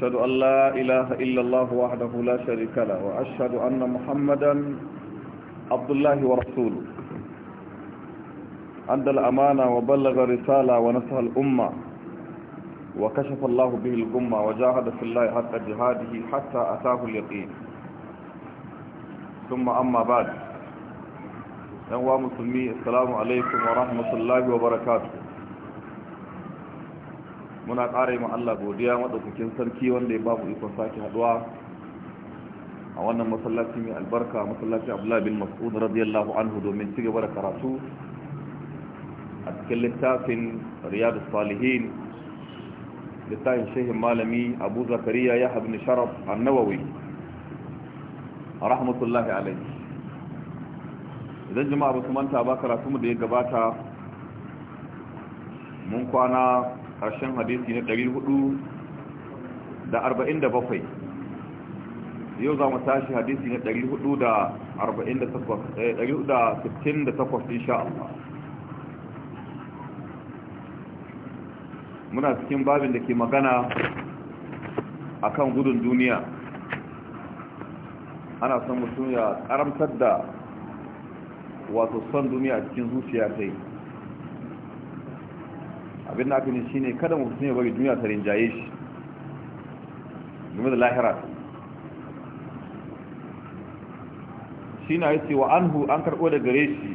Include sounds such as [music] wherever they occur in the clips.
أشهد أن لا إله إلا الله وحده لا شريك له وأشهد أن محمدا عبد الله ورسوله عند الأمانة وبلغ رسالة ونصح الأمة وكشف الله به القمة وجاهد في الله حتى جهاده حتى أتاه اليقين ثم أما بعد يا مسلمي السلام عليكم ورحمة الله وبركاته muna ƙara yi Allah godiya maɗaukakin sarki wanda ya babu ikon sake haɗuwa a wannan masallaci mai albarka masallaci abdullahi bin mas'ud radiyallahu anhu domin ci gaba da karatu a cikin littafin riyadu salihin littafin shehin malami abu zakariya ya habni sharaf annawawi rahmatullahi alaihi idan jama'a ba su manta ba karatu mu da ya gabata mun kwana ƙarshen hadisi na 447 yau za mu tashi hadisi na 468 eh, insha Allah muna cikin babin da ke magana a kan gudun duniya ana son mutum ya karamtar da wato son duniya cikin zuciya ta yi. abin da aka ne shi ne kada mutum ya bari duniya ta rinjaye shi game da lahira shi na yace wa anhu an karɓo da gare shi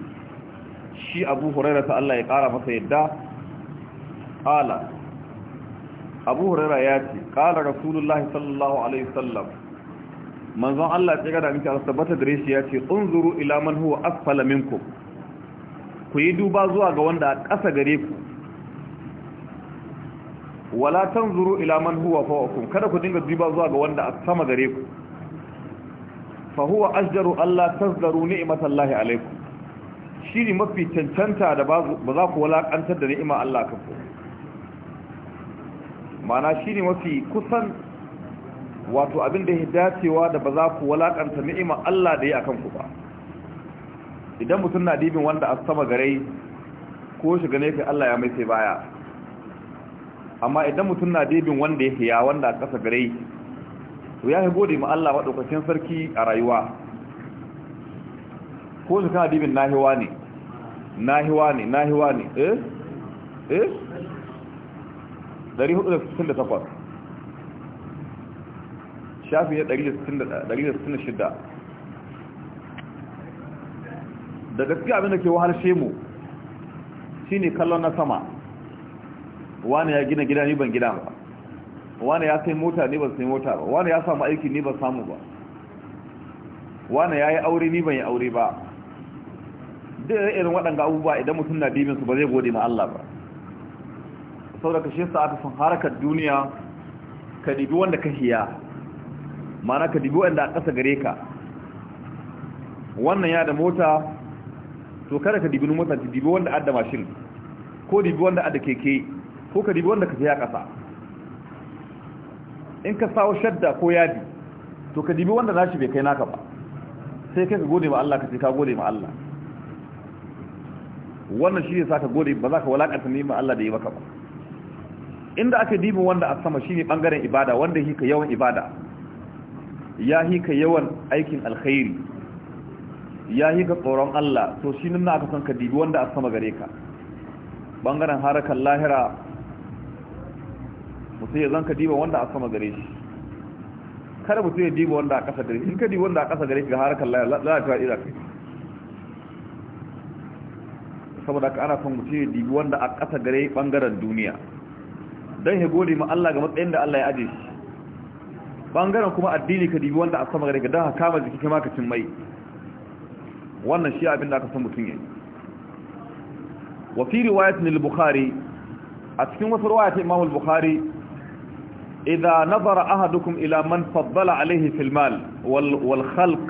shi abu hurera ta Allah ya ƙara masa yadda ala abu hurera ya ce ƙala rasulullahi sallallahu alaihi sallam manzon Allah ce gada miki asabbata gare shi ya ce unzuru ila man huwa asfala minkum ku yi duba zuwa ga wanda a ƙasa gare ku wala tanzuru ila man huwa fawqakum kada ku dinga duba zuwa ga wanda a sama gare ku fa huwa ajdaru alla tazdaru ni'matallahi alaikum shi ne mafi cancanta da ba za ku walakantar da ni'ima Allah kan ku mana shi ne mafi kusan wato abin da ya dacewa da ba za ku walakanta ni'ima Allah da ya akan ku ba idan mutum na dibin wanda a sama gare ko shiga ne Allah ya mai sai baya amma idan mutum na debin wanda ya hiya wanda a ƙasa gare to ya gode ma Allah waɗaukacin sarki a rayuwa ko su kana debin nahiwa ne nahiwa ne nahiwa ne eh eh 468 shafi ya 166 da gaskiya abinda ke shemu shi shine kallon na sama wani ya gina gida ni ban gina ba wani ya sai mota ni ban sai mota ba wani ya samu aiki ni ban samu ba wani ya yi aure ni ban yi aure ba duk irin waɗanda abubuwa idan mutum na dibin su ba zai gode ma Allah ba saboda da shi sa aka san harakar duniya ka dibi wanda ka hiya mana ka dibi wanda a ƙasa gare ka wannan ya da mota to kada ka dibi motar ka dibi wanda adda mashin ko dibi wanda adda keke ko ka dibi wanda ka je ya kasa in ka sawo shadda ko yadi to ka dibi wanda nashi bai kai naka ba sai kai ka gode ma Allah ka ce ka gode ma Allah wannan shi ne sa ka gode ba za ka walakanta ne ma Allah da yi maka ba inda aka dibi wanda a sama shine bangaren ibada wanda hika yawan ibada ya hika yawan aikin alkhairi ya hika tsoron Allah to shi nan aka san ka dibi wanda a sama gare ka bangaren harakan lahira mutum ya zanka diba wanda a sama gare shi kada mutum ya diba wanda a ƙasa gare shi in ka diba wanda a ƙasa gare shi ga harkar a ira kai saboda ka ana son mutum ya dibi wanda a ƙasa gare ɓangaren duniya don ya gode ma Allah ga matsayin da Allah ya aje shi ɓangaren kuma addini ka dibi wanda a sama gare ka don haka kama jiki kai ka cin mai wannan shi abin da aka san mutum ya yi wa fi riwayat al-bukhari a cikin wasu riwaya ta Imam al-Bukhari إذا نظر أهدكم إلى من فضل عليه في المال والخلق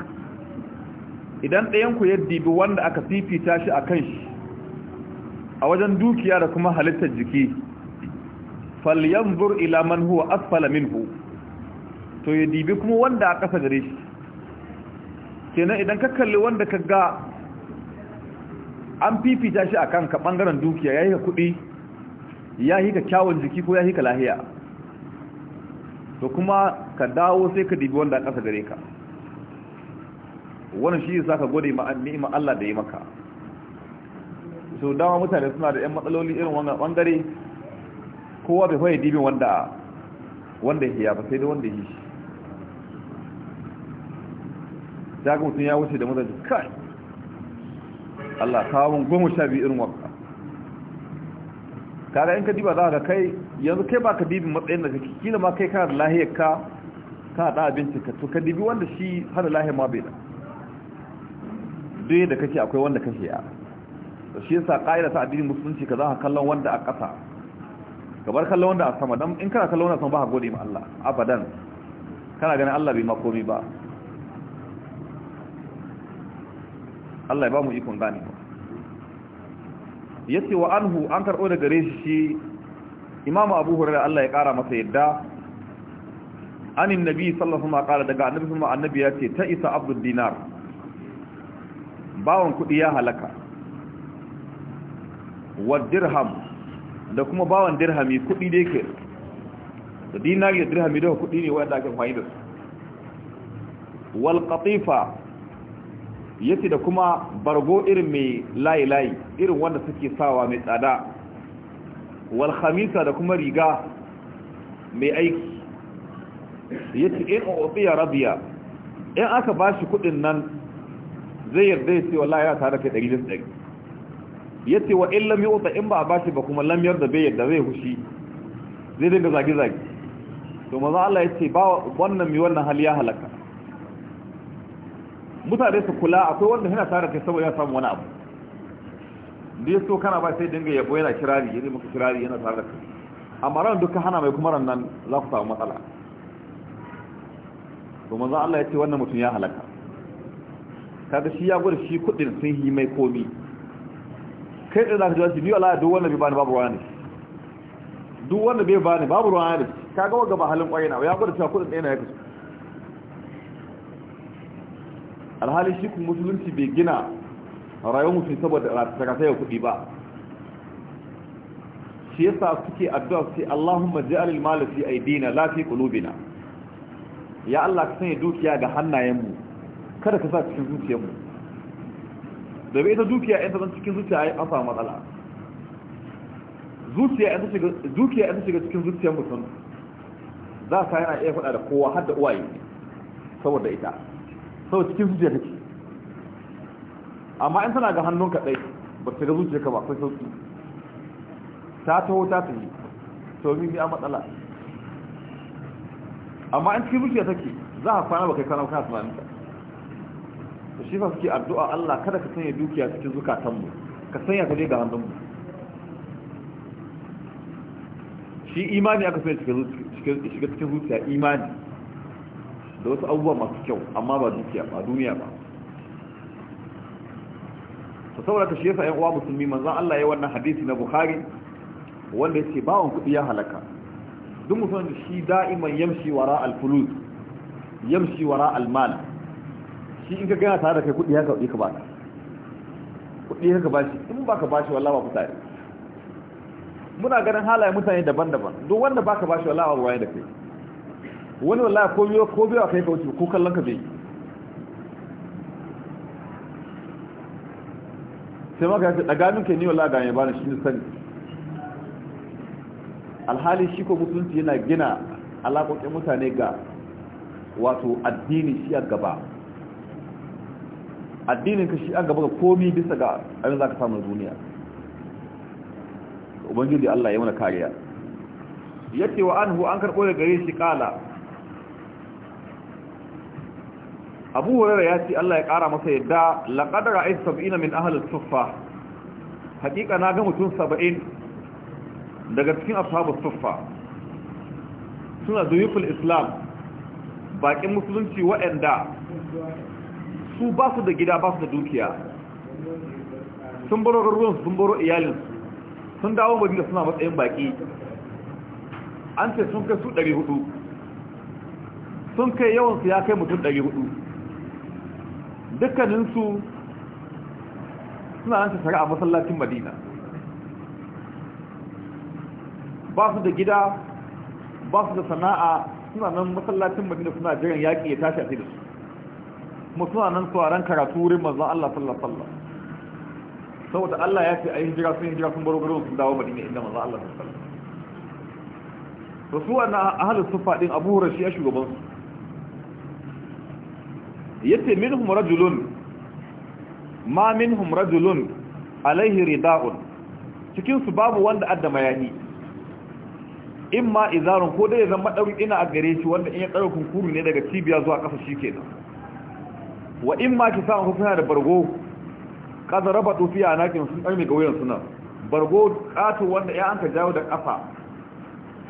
idan ɗayanku ya dibi wanda aka fifita shi a kan shi a wajen dukiya da kuma halittar jiki falyanzur ila to ya dibi kuma wanda a ƙasa gare shi kenan idan ka kalli wanda ka ga an fifita shi a kanka ɓangaren dukiya ya yi ka kuɗi ya yi ka kyawun jiki ko ya yi ka lahiya to kuma ka dawo sai ka dibi wanda ƙasa gare ka wannan shi yasa ka gode ni'ima Allah da ya maka so dama mutane suna da ƴan matsaloli irin wannan bangare kowa bai faye dibin wanda wanda ya ba sai da wanda ya shi ta ga mutum ya wuce da mutane kai Allah kawo goma sha biyu irin wanka kaga in ka diba za ka kai yanzu kai ba ka dibin matsayin da kake kila ma kai kana da lahiyar ka kana da abincin ka to ka dibi wanda shi hana lahiyar ma bai da dai da kake akwai wanda kake ya to shi yasa kaida ta addinin musulunci ka za ka kallon wanda a ƙasa ka bar kallon wanda a sama dan in kana kallon wanda a sama ba ka gode ma Allah abadan kana ganin Allah bai ma komai ba Allah ya ba mu ikon gane ba yace wa anhu an karɓo daga gare shi imamu abu hurairah Allah ya kara masa yadda anin nabi sallallahu alaihi wasallam kara daga annabi kuma annabi ya ce ta isa Abdul dinar bawon kudi ya halaka wa dirham da kuma bawon dirhami kudi da yake da dinari da dirhami da kudi ne wanda ake amfani da su wal qatifa yace da kuma bargo irin mai layi layi irin wanda suke sawa mai tsada wal khamisa da kuma riga mai aiki yace eh, in uqiya rabiya in aka bashi kudin nan zai yarda ya ce wallahi ya tare kai Ya yace wa in lam yuta in ba bashi ba kuma lam yarda bai yarda zai hushi zai dinga zagi zagi to maza Allah yace ba wannan mi wannan hali ya halaka mutane su kula akwai wanda yana tare kai saboda ya samu wani abu da ya so kana ba sai dinga yabo yana kirari yana maka kirari yana tare da kai amma ran duka hana mai kuma ran nan za ku samu matsala to manzo Allah ya ce wannan mutum ya halaka kaga shi ya gudu shi kudin sun yi mai komi kai da zaka shi ni Allah duk wanda bai bani babu wani duk wanda bai bani babu wani kaga waga ba halin kwaye na ya gudu cewa kudin ɗaya na ya kasu alhali shi kun musulunci bai gina rayuwar mutum saboda takasai kuɗi ba shi yasa suke addu'a sai Allahumma ja'al al-mal fi aydina la fi qulubina ya Allah ka sanya dukiya ga hannayenmu kada ka sa cikin zuciyarmu da bai ta dukiya in ta zan cikin zuciya ai an samu matsala zuciya in ta shiga dukiya in ta shiga cikin zuciyar mutum za ka yana iya faɗa da kowa har da uwaye saboda ita saboda cikin zuciya take amma in tana ga hannun ka dai ba ta zuciya ka ba akwai sauki ta taho ta tafi to mi ne a matsala amma in cikin zuciya take za ka kwana ba kai kwana kana tunanin ka to shi fa suke addu'a Allah kada ka sanya dukiya cikin zukatan mu ka sanya ta ga hannun mu shi imani aka sanya cikin cikin zuciya imani da wasu abubuwa masu kyau amma ba dukiya ba duniya ba to saboda ka yasa ƴan uwa musulmi manzo Allah ya wannan hadisi na Bukhari wanda yake bawon kudi ya halaka duk musulmi shi da'iman yamshi wara al-fulus yamshi wara al-mal shi in ka gana tare da kai kudi haka kudi ka baka kudi haka bashi in baka bashi wallahi ba ku tare muna ganin halaye mutane daban-daban duk wanda baka bashi wallahi ba ruwaye da kai wani wallahi ko biyo ko biyo kai ka wuce ko kallon ka bai sai maka yace daga min yi ni ga mai bani shi ne sani alhali shi ko musulunci yana gina alaƙoƙin mutane ga wato addini shi a gaba addinin ka shi a gaba ga komi bisa ga abin za ka samu duniya ubangiji Allah ya mana kariya ce wa anhu an karɓo da gare shi kala abu hurara ya ce Allah ya ƙara masa yadda laƙadar ra'ayi saba'ina min ahalar tuffa Hakika na ga mutum saba'in daga cikin asabar tuffa suna zuyufin islam baƙin musulunci wa'anda su ba su da gida ba su da dukiya sun baro ruwan sun baro iyalinsu sun dawo da suna matsayin baƙi an ce sun kai su 400 sun kai yawansu ya kai mutum 400 dukkaninsu suna nan tashari a masallacin madina ba su da gida ba su da sana'a suna nan masallacin madina suna jiran yaƙi ya tashi a fi da su kuma suna nan tsoron karatu wurin manzan Allah sallallahu saboda Allah ya ce a yi hijira sun hijira sun baro garin sun dawo madina inda manzan Allah sallallahu alaihi wasallam to su wannan ahlus sufa din Abu Hurairah shi ya shugaban su yace minhum rajulun ma minhum rajulun alaihi rida'un cikin su babu wanda adda mayahi imma izarun ko dai zama dauri ina a gare shi wanda in ya tsaro kunkuru ne daga cibiya zuwa kafa shikenan wa imma ki sa ku da bargo kaza raba tufiya anakin sun tsarmi ga wuyan suna bargo kato wanda ya anka jawo da kafa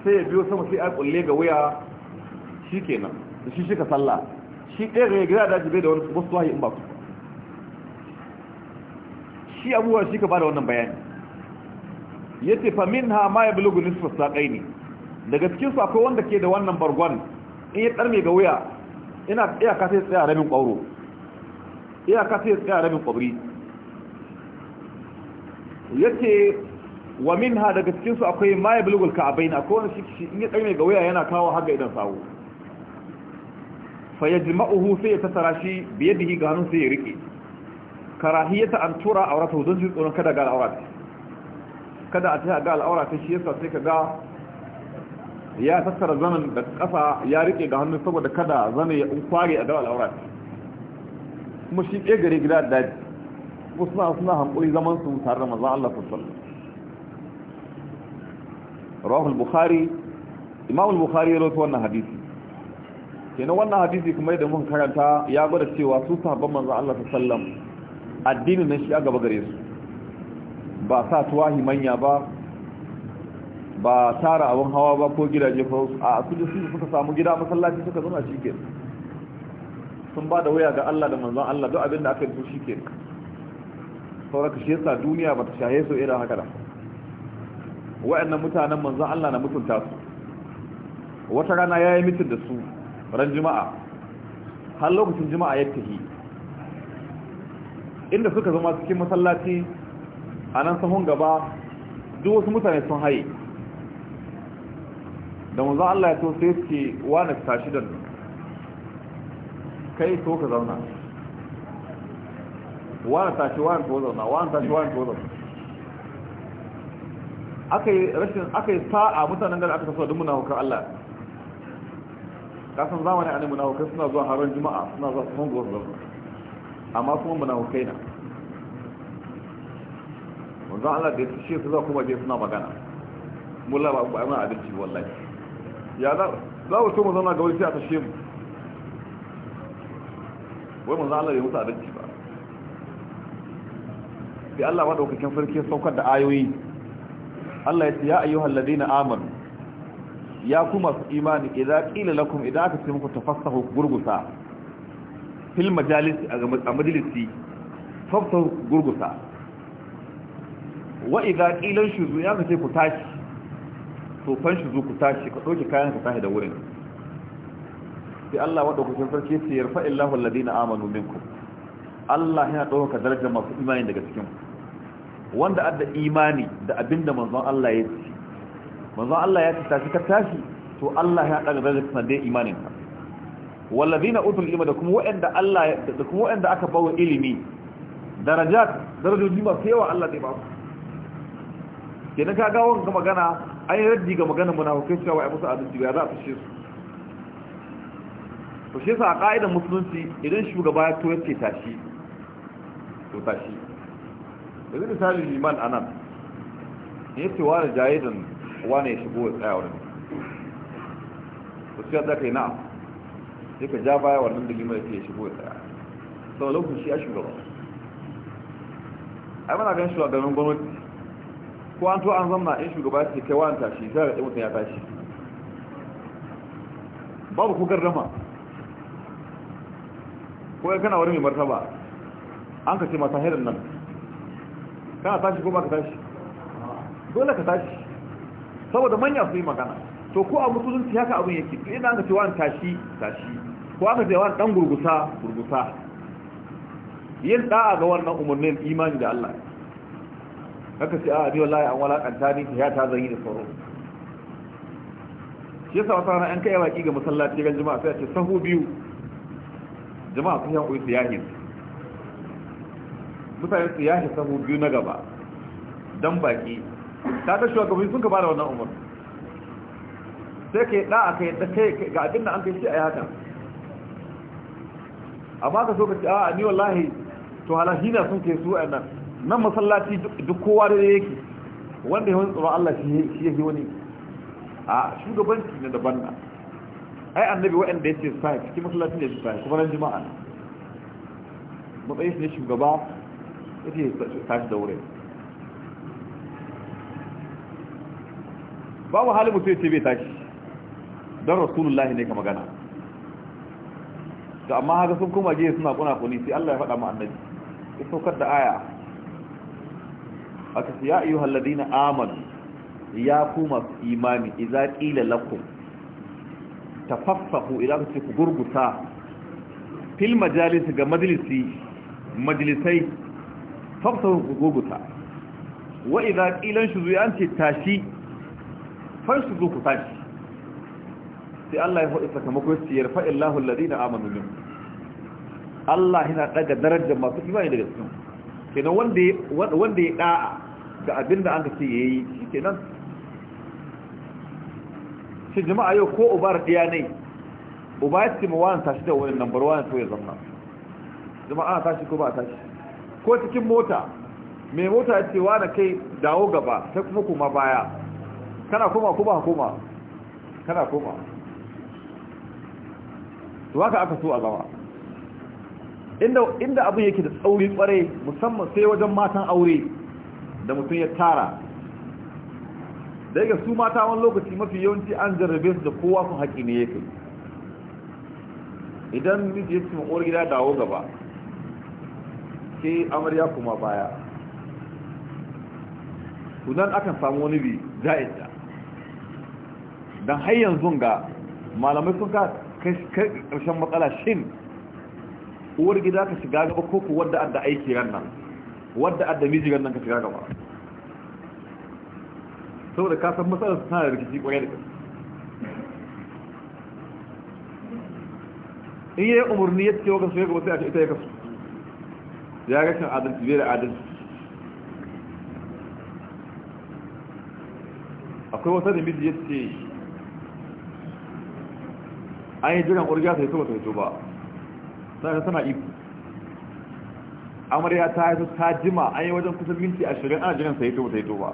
sai ya biyo sama sai a kulle ga waya shikenan shi shi ka sallah shi ɗaya ga gida da jibe da wani wasu wahayi in ba ku shi abubuwa shi ka bada wannan bayani ya ce famin ha ma ya lugu nisfar saƙai ne daga cikinsu akwai wanda ke da wannan bargon in ya ɗarme ga wuya ina iyaka ya tsaya rabin iya iyaka sai tsaya rabin ƙwabri ya ce wa min ha daga cikinsu akwai ma ya bulugu ka'abai na akwai wani shi in ya ɗarme ga wuya yana kawo haga idan sawo fa yajma'uhu sai ya tattara shi biyadihi ga hannun sai ya rike karahiyata an tura aurata don shi tsoron kada ga al'aura al'aurata kada a ta ga al'aurata shi yasa sai ka ga ya tattara zanen da ƙasa ya rike ga hannun saboda kada zanen ya kware a ga al'aura al'aurata kuma shi ɗaya gare gida da daji kuma suna suna hankuri zaman su tare da maza Allah sallallahu alaihi rahul bukhari imam bukhari ya rawaito wannan hadisi kenan wannan hadisi kuma yadda mun karanta ya gwada cewa su sahabban manzo Allah sallam addinin nan shi a gaba gare su ba sa tuwahi manya ba ba tara abin hawa ba ko gidaje ko a kuje su suka samu gida masallaci suka zama shike sun ba da waya ga Allah da manzon Allah duk abin da aka yi shike sauraka shi yasa duniya ba ta shahe su irin haka da wa'annan mutanen manzon Allah na mutunta su wata rana yayi mitin da su ran juma'a har lokacin juma'a ya tafi inda suka zama cikin masallaci a nan sahun gaba duk wasu mutane sun haye da manzon Allah ya to sai suke wani tashi da kai to ka zauna wani tashi wani to zauna wani tashi wani to zauna aka yi rashin aka yi sa'a mutanen gari aka tafi da muna hukar Allah kasan zamanin annabi munafukai suna zuwa haron juma'a suna zuwa sun zuwa zuwa amma kuma munafukai na wanzan Allah da ya shi su za kuma je suna magana mula ba ku mana abinci wallahi ya za za mu so mu zauna ga wani sai a tashe mu wai manzan Allah ya musu abinci ba sai Allah madaukakin sarki saukar da ayoyi Allah ya ce ya ayyuhal ladina amanu ya kuma su imani idan ƙila lakum idan aka ce muku tafassahu gurgusa fil majalis a majalisi fafsahu gurgusa wa idan ƙilan shuzu ya kace ku tashi tofan shuzu ku tashi ka ɗauki kayan ka tashi da wurin sai Allah wadda kusan sarki ya ce yarfa illahu alladina amanu minkum Allah yana ɗaukaka darajar masu imani daga cikin wanda adda imani da abinda manzon Allah ya ce manzon Allah ya tashi ka tashi to Allah ya daga darajar kana da imanin ka wallazina utul ilma da kuma wa'anda Allah da kuma wa'anda aka bawa ilimi darajat darajoji ba sai wa Allah zai ba su kenan ka ga wannan magana an yi raddi ga magana munafikai cewa ai musu adalci ba za a fashe su to shi yasa a ka'idar musulunci idan shugaba ya to yace tashi to tashi da zai misali liman anan ne yace wa da jayidan wane ya shigo ya tsaya wurin yadda ka yi na sai ka ja baya wannan da gima ya ce ya shigo ya tsaya sau lokacin shi ya shugaba ai mana gan shugaban gwamnati ko an to an zamna in shugaba ce kai wani tashi za raɗe mutum ya tashi babu ko dama ko ya kana wani mai martaba an ka ce masa hirin nan kana tashi ko ba ka tashi dole ka tashi saboda manya su yi magana to ko a musulunci haka abin yake to idan aka ce wani tashi tashi ko aka ce wani dan gurgusa gurgusa yin da'a ga wannan umarnin imani da Allah haka ce a ni wallahi an walakanta ni ta ta zan yi da sauro shi yasa wasu ranar an kai baki ga masallaci ga jama'a sai a ce sahu biyu jama'a sun yan uyi yahin mutane su sahu biyu na gaba dan baki ta kaga shugabanni sun ka da wannan umar sai ka yi ɗa a ka da kai ga abin da an kai shi a haka amma ka so ka ce a ni wallahi to halashi na sun kai su a nan nan masallaci duk kowa da yake wanda ya wani tsoron Allah shi ya yi wani a shugabanci na daban na ai annabi waɗanda ya ce sa cikin masallacin da ya sa kuma ran jima'a matsayin shi ne shugaba ya ce shi da wurin babu halin mutum ya ce bai tashi don rasulullahi ne ka magana da amma haka sun koma jiya suna kuna kuni sai Allah ya faɗa mu annabi ya saukar da aya aka ce ya ayyuhal ladina amanu ya ku masu imani idza qila lakum tafaffahu idan ku gurgusa fil majalis ga majalisi majalisai fafsahu ku gurgusa wa idza qila shuzu an ce tashi fansu zo ku tashi sai Allah ya faɗi sakamako su yarfa illahu alladhina amanu min Allah yana daga darajar masu imani daga cikin kenan wanda wanda ya da'a ga abinda an ce yayi kenan shi jama'a yau ko ubar diya ne uba ya ce mu wani tashi da wani number 1 to ya zama jama'a tashi ko ba tashi ko cikin mota mai mota ya ce wa na kai dawo gaba sai kuma kuma baya kana koma kuma koma kana koma to haka aka so a zama inda inda abin yake da tsauri kware musamman sai wajen matan aure da mutum ya tara da su mata wani lokaci mafi yawanci an jarrabe su da kowa sun haƙi ne yake idan miji ya cikin ƙwar gida dawo gaba ke amarya kuma baya kudan akan samu wani bi ja'inta don har yanzu ga malamai sun ka karshen matsala shin uwar gida ka shiga gaba ko ku wadda adda aiki ran nan wadda adda miji ran nan ka shiga gaba saboda ka san matsalar su tana da rikici kwaye da kasu. in yi umarni ya ce wakan ya gaba sai a ce ita ya kasu ya ga shan adalci bai da adalci akwai wasa da miji ya ce an yi jiran ƙurgiya ta hito ba ta hito ba sannan tana iko amarya ta yi ta jima an yi wajen kusan minti ashirin ana jiran ta hito ba ta ba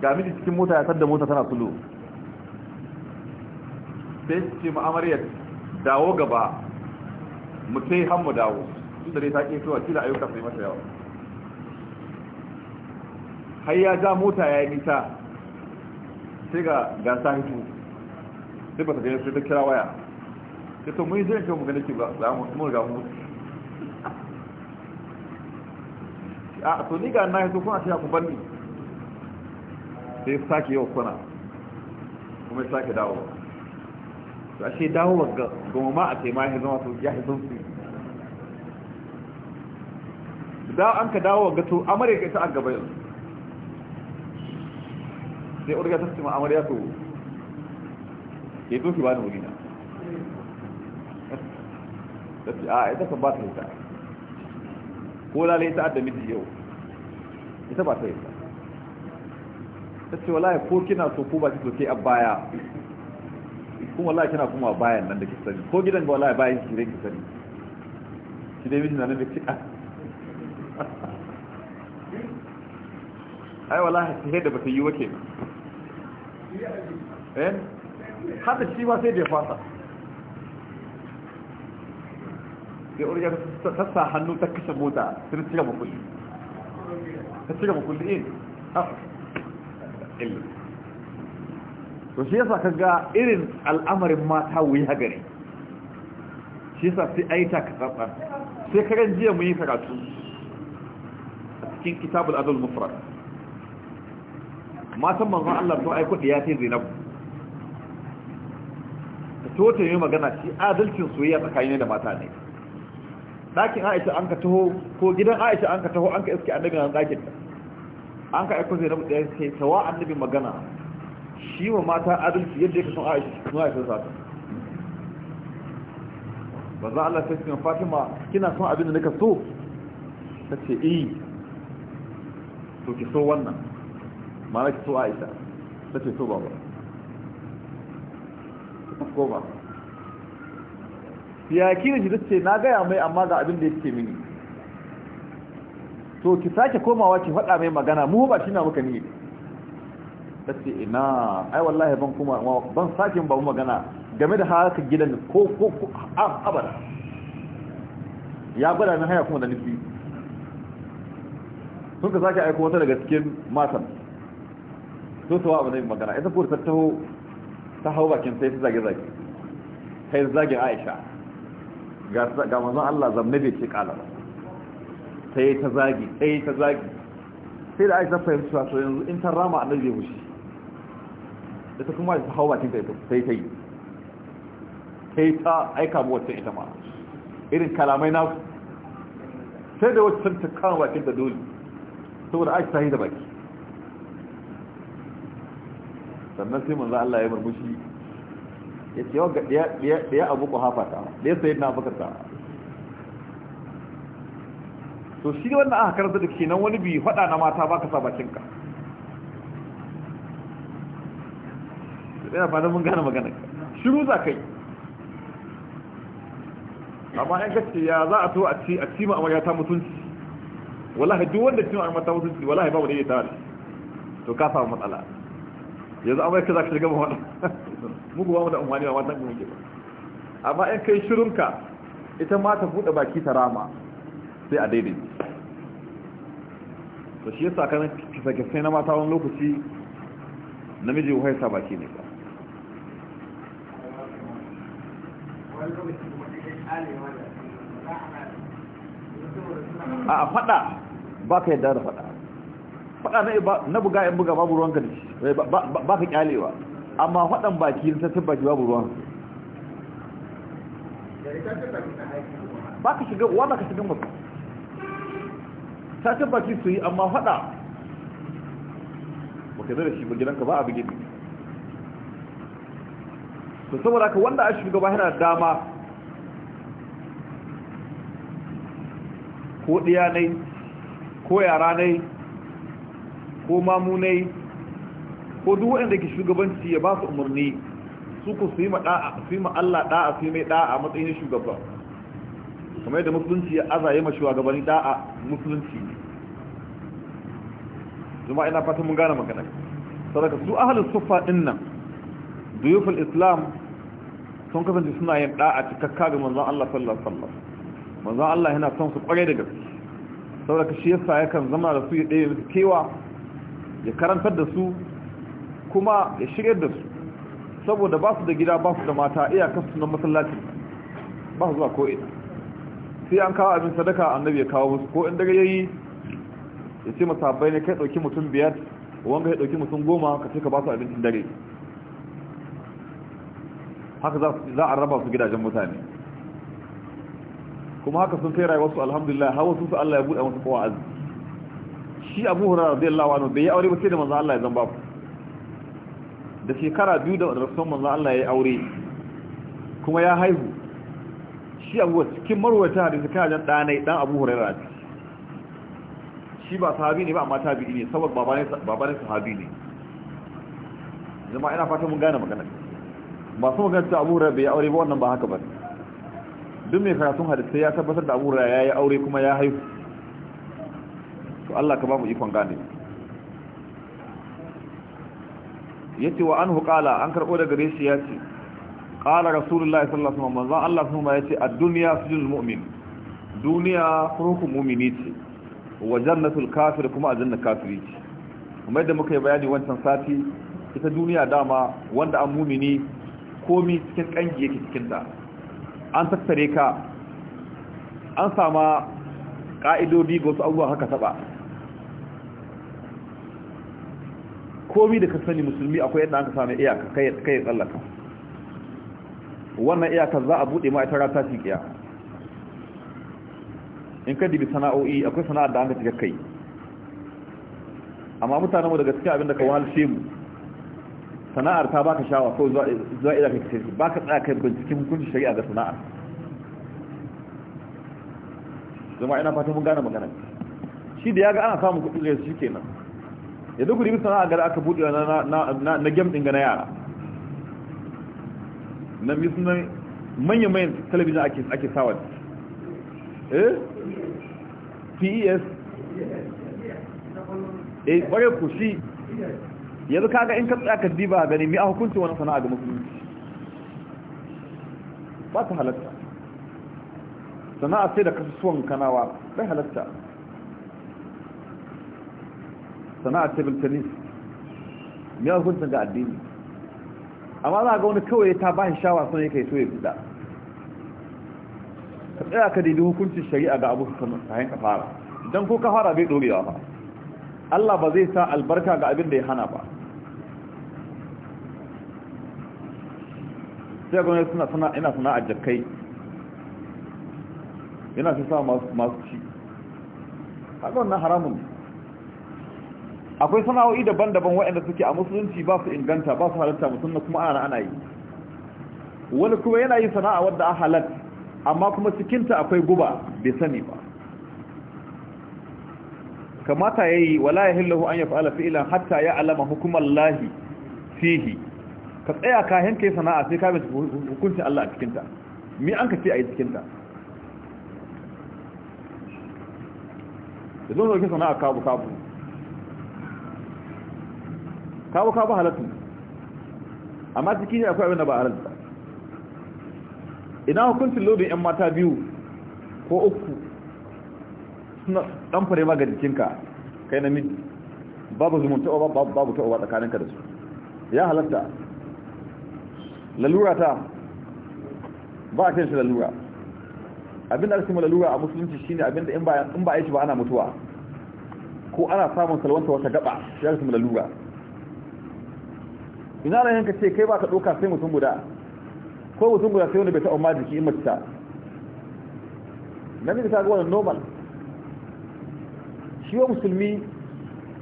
ga miji cikin mota ya sadda mota tana sulu sai ce ma amarya dawo gaba mu yi hannu dawo tun da dai ta ke tuwa kila ayyuka sai mata yawa har ya ja mota ya yi nisa sai ga gasa hitu sai ba ta gani sai ta kira waya ka to mai zai ka mu ba za mu ga mu a to ni ga na yaso kuma sai ku banni sai sake yau kuna kuma sake dawo to shi dawo ga goma ma a sai ma ya zama to ya hisan su da an ka dawo ga to amare ka ita an gaba yanzu sai urga ta cima amare ya to ke zo ki bani wurina da ce a ita ka ba ta hita ko lalai ta adda miji yau ita ba ta hita ta ce wallahi ko kina so ko ba ki so ke a baya kuma wallahi kina kuma bayan nan da ki sani ko gidan ga wallahi bayan ki ki sani ki dai miji na nan da ki a [laughs] ai wallahi sai da ba ta yi wake eh hada shi ba sai da ya fasa sai urja ta sa hannu ta kashe mota sai ta cire makulli ta cire makulli in illa to shi yasa kaga irin al'amarin mata wuyi hagari shi yasa sai ai ta kasaba sai kagan jiya mun yi karatu a cikin kitabul adl mufrad matan manzon Allah to ai kudi ya ce Zainab ta tota yi magana shi adalcin soyayya tsakanin da mata ne ɗakin aisha an ka taho ko gidan aisha an ka taho an ka iske annabi na dakin ta an ka aiko zai ɗaya sai tawa annabi magana shi wa mata adalci yadda yake son aisha sun aisha sa ta ba za Allah sai cikin fatima kina son abin da nika so ta ce iya eh. to ki so wannan ma'ana ki so aisha ta ce so baba koma ya kira shi ce na gaya mai amma ga abin da yake mini to ki sake komawa ki faɗa mai magana mu ba shi na muka ni ce ina ai wallahi ban kuma ban sake ba mu magana game da haka gidan ko ko abada ya gwada na haya kuma da nufi sun ka sake aiko wata daga cikin matan so tawa abu zai magana ita kuwa ta taho ta hau bakin sai ta zage-zage kai zagen aisha ga manzon Allah zamne bai ce kala ba sai ta zagi sai ta zagi sai da Aisha fahimci cewa to yanzu in ta rama annabi ya da ta kuma ta hawa bakin ta ita sai ta yi sai ta aika mu wacce ita ma irin kalamai na sai da wacce ta kama bakin da dole saboda Aisha ta yi da baki sannan sai manzo Allah ya murmushi ya ce da ɗaya abu kuhafa ta da ya sayi na bakar ta to shi wannan aka karanta da nan wani bi faɗa na mata ka sa bakinka ya faɗa mun gane magana shiru za kai amma yan ce ya za a to a ci a ci ma ta mutunci wala haidu wanda cima ma ta mutunci wala ba wani ya tare to ka samu matsala yanzu amarya ka za ka shiga mawaɗa mugu ba mu da amfani ba wannan muke ba amma in kai shirunka ita ma ta buɗe baki ta rama sai a daidai to shi yasa kana kisa sai na mata wani lokaci namiji wahai sa baki ne ba a fada ba ka yadda da fada fada na buga yin buga babu ruwan gani ba ka kyalewa amma faɗan baki ta tabbaci babu ruwan baka ka shiga wa ba ka shiga mutu ta tabbaci su yi amma faɗa ba ka zara shi ba ka ba a bigin to saboda ka wanda a shiga ba yana dama ko ɗiya ne ko yara ne ko mamu ne ko duk waɗanda ke shugabanci ya ba su umarni su ku su yi ma Allah ɗa'a su yi mai ɗa'a matsayin shugaba kamar yadda musulunci ya azaye ma shugabanni ɗa'a musulunci ne zuma ina fatan mun gane magana sadaka su ahalin sufa din nan duyuful islam sun kasance suna yin ɗa'a, cikakka ga manzan Allah sallallahu alaihi Manzan Allah yana son su kware da gaske saboda shi yasa yakan zama da su ya daya musu kewa ya karantar da su kuma ya shirya da su saboda ba su da gida ba su da mata iya kasu na masallacin ba su zuwa ko'ina sai an kawo abin sadaka annabi ya kawo musu ko in daga yayi ya ce masabbai ne kai ɗauki mutum biyar wanga ya ɗauki mutum goma ka ce ka ba su abincin dare haka za a raba su gidajen mutane kuma haka sun kai rayuwarsu alhamdulillah har wasu su Allah ya buɗe musu kowa arziki shi abu hurara zai lawa bai yi aure ba sai da manzo Allah ya zan ba. da shekara biyu da rasuwan manzo Allah ya yi aure kuma ya haihu shi abuwa cikin marwata da su jan ɗanai ɗan abu hurairar ake shi ba sahabi ne ba amma tabi'i ne saboda babanin sahabi ne zama ina fata mun gane magana masu magana ta abu hurairar bai aure ba wannan ba haka ba duk mai karatun hadisai ya tabbatar da abu hurairar ya yi aure kuma ya haihu to Allah ka ba mu ikon gane yace wa anhu qala an karbo daga gare shi yace qala rasulullahi sallallahu alaihi wasallam manzo Allah kuma yace ad-dunya sijnul mu'min duniya furukun mu'mini ce wa jannatul kafir kuma aljanna kafiri ce kuma yadda muka yi bayani wancan sati ita duniya dama wanda an mu'mini komi cikin kangi yake cikin ta an tattare ka an sama ka'idodi ga wasu abubuwa haka taba komi da ka sani musulmi akwai yadda aka sami iyaka kai ya tsallaka wannan iyaka za a bude ma'aikata ita rata shi kiya in ka dibi sana'o'i akwai sana'ar da an ka cika kai amma mutane mu daga cikin abin da ka wahalshe mu sana'ar ta baka shawa ko zuwa ila kai baka tsaya kai binciken hukuncin shari'a ga sana'ar zama ina fatan mun gane magana shi da ya ga ana samun kuɗi da shi kenan ya duk ribin sana'a gara aka buɗe na gem ɗin ga na yara na misunan manya-manyan talabijin ake sawa eh pes eh ɓare ku shi yanzu kaga in ka tsaya ka diba gani mi a hukunci wani sana'a ga musulunci ba ta halatta sana'a sai da kasuwan kanawa bai halatta a table tennis ya hukuncin ga addini amma za ga wani kawai ta ba shi shawa sun yake so ya da ka tsaya ka daidai hukuncin shari'a ga abu ka hanka fara don ko ka fara bai ɗorewa ba Allah ba zai sa albarka ga abin da ya hana ba sai wani suna sana ina sana'a a jakkai yana fi sa masu ci haka wannan haramun akwai sana'o'i daban-daban waɗanda suke a musulunci ba su inganta ba su halatta musulunci kuma ana ana yi wani kuma yana yi sana'a wadda a halat amma kuma cikinta akwai guba bai sani ba kamata ya yi wala ya hillahu an ya fa'ala fi'ilan hatta ya alama hukumar lahi fihi ka tsaya kayan ka yi sana'a sai ka mai hukuncin Allah a cikinta mi an ka ce a yi cikinta da zo da sana'a kabu kabu kawo ka ba halattu amma ciki ne akwai abin da ba halatta ina hukuncin lobin 'yan mata biyu ko uku suna dan fare ma ga jikinka kai namiji babu zumuntawa babu ta'uwa tsakaninka da su ya halatta lalura ta ba a kan shi lalura abinda aka cima lalura a musulunci shine abinda in ba a yi shi ba ana mutuwa ko ana samun salwanta wata gaba shi aka lalura ina ran yanka ce kai ba ka ɗauka sai mutum guda ko mutum guda sai wanda bai taɓa ma jiki in mace ta namiji ta ga wani normal shi wa musulmi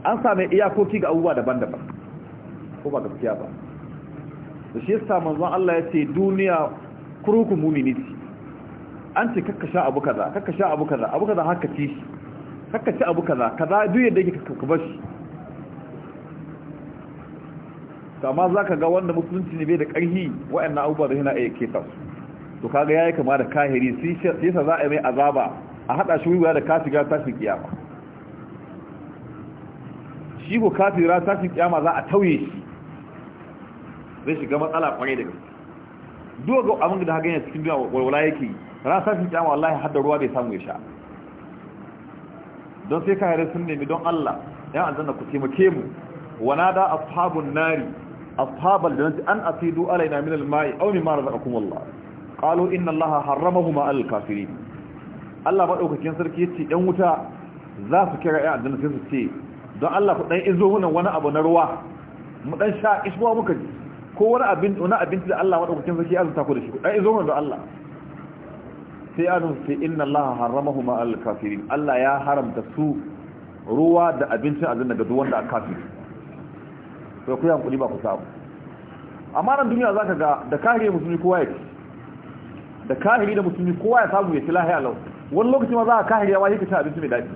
an sami iyakoki ga abubuwa daban-daban ko ba gaskiya ba da shi yasa manzon Allah ya ce duniya kurukun mumini ce an ce kakkasha abu kaza kakkasha abu kaza abu kaza haka ci kakka ci abu kaza kaza duk yadda yake kakkabar amma za ka ga wanda musulunci ne bai da ƙarfi waɗannan abubuwa da yana iya ta su to kaga ya yi kama da kahiri sai yasa za a yi mai azaba a haɗa shi wuya da kafira tashin kiyama shi ko kafira tashin kiyama za a tauye shi zai shiga matsala kwarai da gaske duk ga abin da hagan ya cikin duniya walwala yake ra tashin kiyama wallahi har da ruwa bai samu ya sha don sai kahirin sun nemi don Allah ya an zanna ku taimake mu wana da ashabun nari ashabal jannati an asidu alaina min al-ma'i aw mimma razaqakum Allah qalu inna Allah harramahuma al-kafirin Allah ba daukakin sarki yace yan wuta za su kira ya aljanna sai su ce don Allah ku dan izo mana wani abu na ruwa mu dan sha isbuwa muka ji ko wani abinci da Allah madaukakin sarki ya azurta ku da shi dan izo mana don Allah sai azun sai inna Allah ya haramta su ruwa da abincin aljanna ga duk wanda a to ku kudi ba ku samu amma nan duniya zaka ga da kahiri musulmi kowa ya da kahiri da musulmi kowa ya samu ya ci lahiya lau wani lokaci ma za a kahiri ya ma yake abinci mai daɗi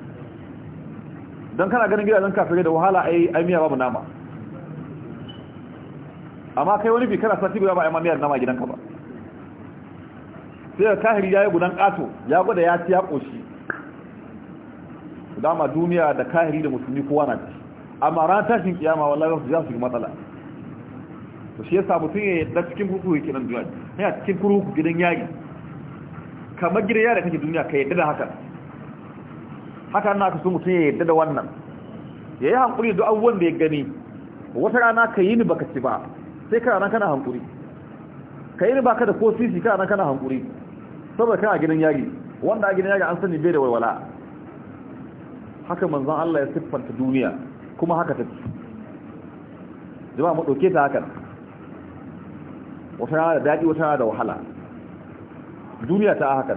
don kana ganin gidajen kafire da wahala ai ai miya babu nama amma kai wani bi kana sati ba ai ma miyar nama gidanka ba sai da kahiri ya yi gudan kato ya gwada ya ci ya ƙoshi dama duniya da kahiri da musulmi kowa na ci amma ran tashin kiyama wallahi za su shiga matsala to shi yasa mutum ya yadda cikin kurkuku yake nan duniya ya cikin kurkuku gidan yayi kamar gidan da kake duniya ka yadda da haka haka na ka so mutum ya yadda da wannan ya yi hankuri da abubuwan da ya gani wata rana ka yi ni baka ci ba sai ka rana kana hankuri ka yi ni baka da ko sisi ka rana kana hankuri saboda kana gidan yayi wanda a gidan yayi an sani bai da walwala haka manzon Allah ya siffanta duniya kuma haka ta jama'a mu ɗauke ta haka wata rana da daɗi wata rana da wahala duniya ta haka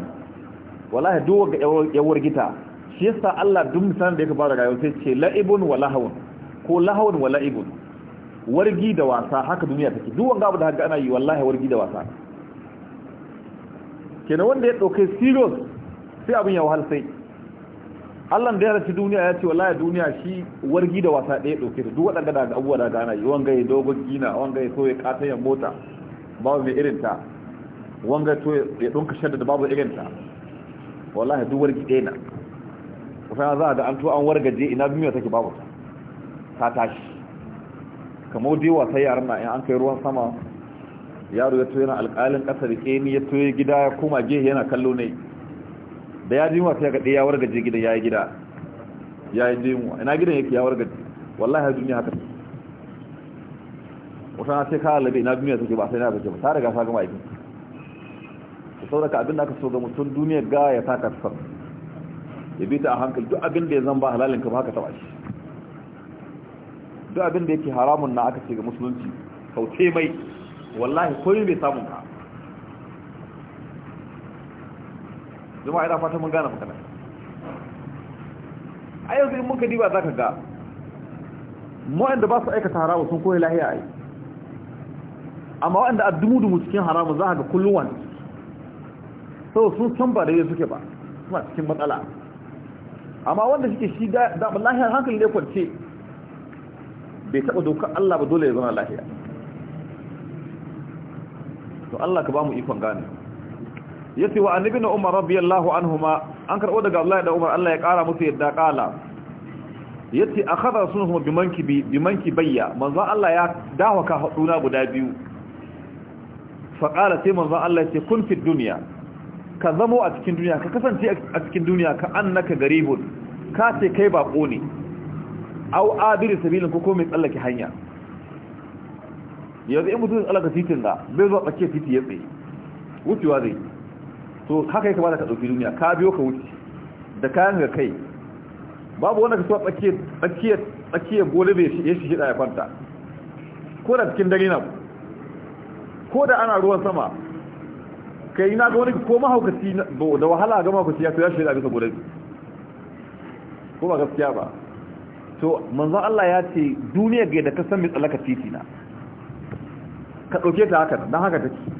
wallahi duk ga yawar gita shi yasa Allah duk misalin da yake ba da rayuwa sai ce la'ibun wa lahawun ko lahawun wa la'ibun wargi da wasa haka duniya take duk wanda abu da haka ana yi wallahi wargi da wasa kenan wanda ya dauke serious sai abin ya wahal sai Allah da ya rasu duniya ya ce wallahi duniya shi wargi da wasa ɗaya ɗauke da duk waɗanda da abubuwa da gana yi wanga ya dogon gina wanga ya soya katayen mota babu mai irinta wanga ya ya ɗunka shadda da babu irinta wallahi duk wargi ɗaya na kusan za a ga an to an wargaje ina duniya take babu ta tashi kamar dai wasa yaran na in an kai ruwan sama yaro ya to yana alƙalin ƙasa da ƙeni ya to gida ya koma gehe yana kallo ne da ya jimuwa sai ga ɗaya wargaje gidan ya yi gida ya yi jimuwa ina gidan yake ya wargaje wallahi har duniya haka wata na sai kawo labe ina duniya take ba sai na gaje ba ta riga ta gama aikin ta sauraka abin da aka so ga mutum duniya ga ya ta sar ya bi ta a hankali duk abinda ya zan ba halalin ka ba haka taba shi duk abinda yake haramun na aka ce ga musulunci kauce mai wallahi koyi bai samun ka jama'a ina fata mun gane magana a yau zai muka diba za ka ga da ba su aikata haramu sun koyi lahiya a yi amma waɗanda a dumu-dumu cikin haramu za a ga kullum wani sau sun san ba da yi suke ba suna cikin matsala amma wanda suke shi damar lahiyar hankali ne kwance bai taɓa dokar Allah ba dole ya zama lahiya to Allah ka ba mu ikon gane yace wa annabi na umar radiyallahu anhuma an karbo daga Allah da umar Allah ya kara musu yadda kala yace akhadha sunuhum bimankibi bimankibayya manzo Allah ya dawo ka haduna guda biyu fa qala sai manzo Allah yace kun fi dunya ka zamo a cikin duniya ka kasance a cikin duniya ka annaka garibun ka ce kai bako ne au abiri sabilin ko komai tsallake hanya yanzu in mutum tsallaka titin da bai zuwa tsakiyar titi ya tsaye wucewa zai to haka yake ba ka ɗauki duniya ka biyo ka wuce da kayan ga kai babu wanda ka so tsakiyar tsakiyar gole bai ya shi hida ya kwanta ko da cikin dare na ko da ana ruwan sama ka na ga wani ko mahaukaci da wahala ga mahaukaci ya to ya shi hida bisa gole ko ba gaskiya ba to manzon Allah ya ce duniya ga da ka san mai tsalaka titi na ka ɗauke ta haka don haka take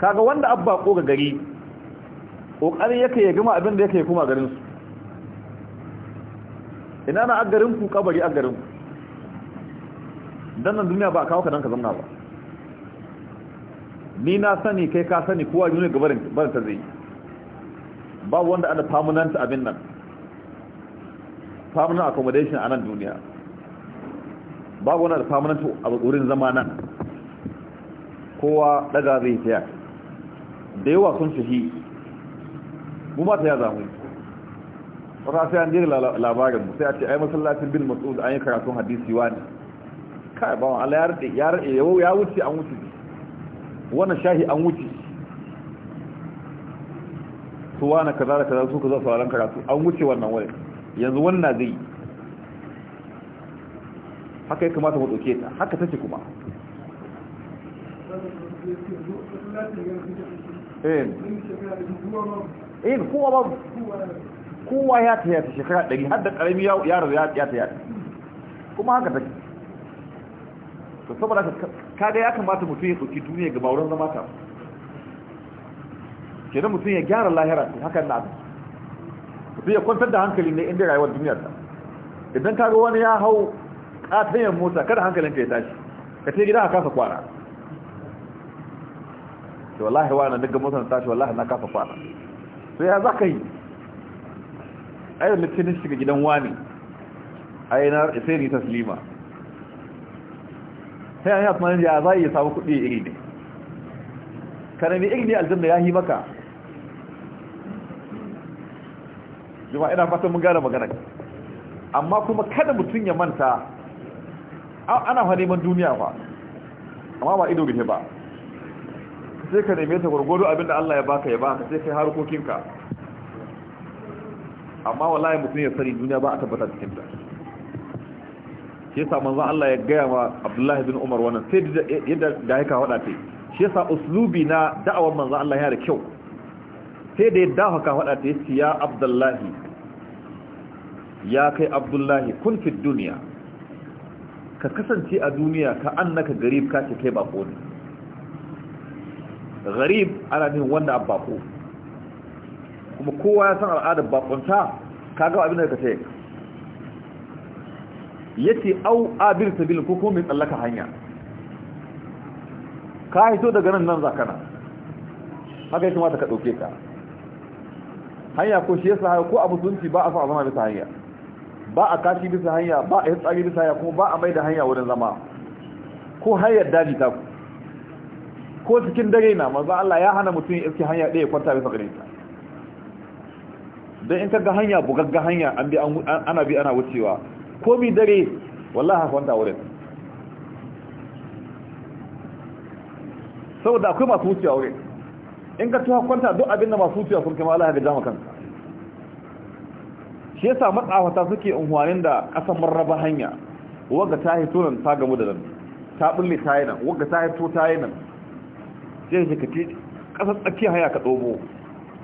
kaga wanda abba ko ga gari kokari yake ya gama abin da yake kuma garin su ina na agarin ku kabari agarin ku dan nan duniya ba kawo ka dan ka zanna ba ni na sani kai ka sani kowa ne gabarin barin ta zai ba wanda ana permanent abin nan permanent accommodation a nan duniya ba wanda da permanent a wurin zama nan kowa daga zai tsaya da yawa sun shi mu ba ta ya zamu wata sai an jira labarin mu sai a ce ai masallacin bin da an yi karatun hadisi wani kai ba Allah ya rade ya rade ya wuce an wuce wannan shahi an wuce su wani kaza da kaza su kaza sauran karatu an wuce wannan wani yanzu wannan zai haka ya kamata mu dauke ta haka take kuma eh kowa babu kowa ya ta shekara ɗari har da ƙarami ya ya ya yata kuma haka take to saboda kaga ya kamata mutum ya ɗauki duniya ga bauran zama ta ke da mutum ya gyara lahira ta hakan na mutum ya kwantar da hankali ne inda rayuwar duniyar ta idan kaga wani ya hau ƙatayen mota kada hankalin ka ya tashi ka ce gida a kasa kwana da wallahi na daga mutane tashi wallahi na kafa fara sai ya za ka yi ayyar litinin shiga gidan wani ayyar sai ni taslima sai an yi atmanin ya za yi samu kudi iri ne karami iri ne aljanna ya yi maka jima ina fatan mun gane magana amma kuma kada mutum ya manta ana fa neman duniya fa amma ba ido gaje ba sai ka neme ta gwargwado abinda Allah ya baka ya baka sai kai harkokinka amma wallahi mutum ya sani duniya ba a tabbata cikin ta shi yasa manzon Allah ya gaya wa Abdullahi bin Umar wannan sai yadda da haka wada ta shi yasa uslubi na da'awar manzon Allah ya da kyau sai da yadda haka wada ta yace ya Abdullahi ya kai Abdullahi kun fi duniya ka kasance a duniya ka annaka garib ka ce kai bako ne gharib ana nufin wanda an bako kuma kowa ya san al'adar bakonta ka ga abin da ka ce ya ce au abin sabilin ko kuma mai tsallaka hanya ka hito daga nan nan zakana haka yi kamata ka ɗauke ka hanya ko shi yasa haya ko abu musulunci ba a sa zama bisa hanya ba a kashi bisa hanya ba a yi tsari bisa hanya kuma ba a mai da hanya wurin zama ko hanyar daji ta ku ko cikin dare na manzo Allah ya hana mutum ya iske hanya ɗaya kwanta bisa garin ta dan in kaga hanya bugagga hanya an bi ana bi ana wucewa ko mi dare wallahi kwanta wurin saboda akwai masu wucewa wurin in ka tuwa kwanta duk abin da masu wucewa sun kama Allah ga jama kanka shi yasa matsawata suke unhuwanin da kasan marraba hanya wagga ta hito nan ta gamu da nan ta bulle ta yi nan wagga ta hito ta yi nan sai ka ce kasar tsaki haya ka tsobo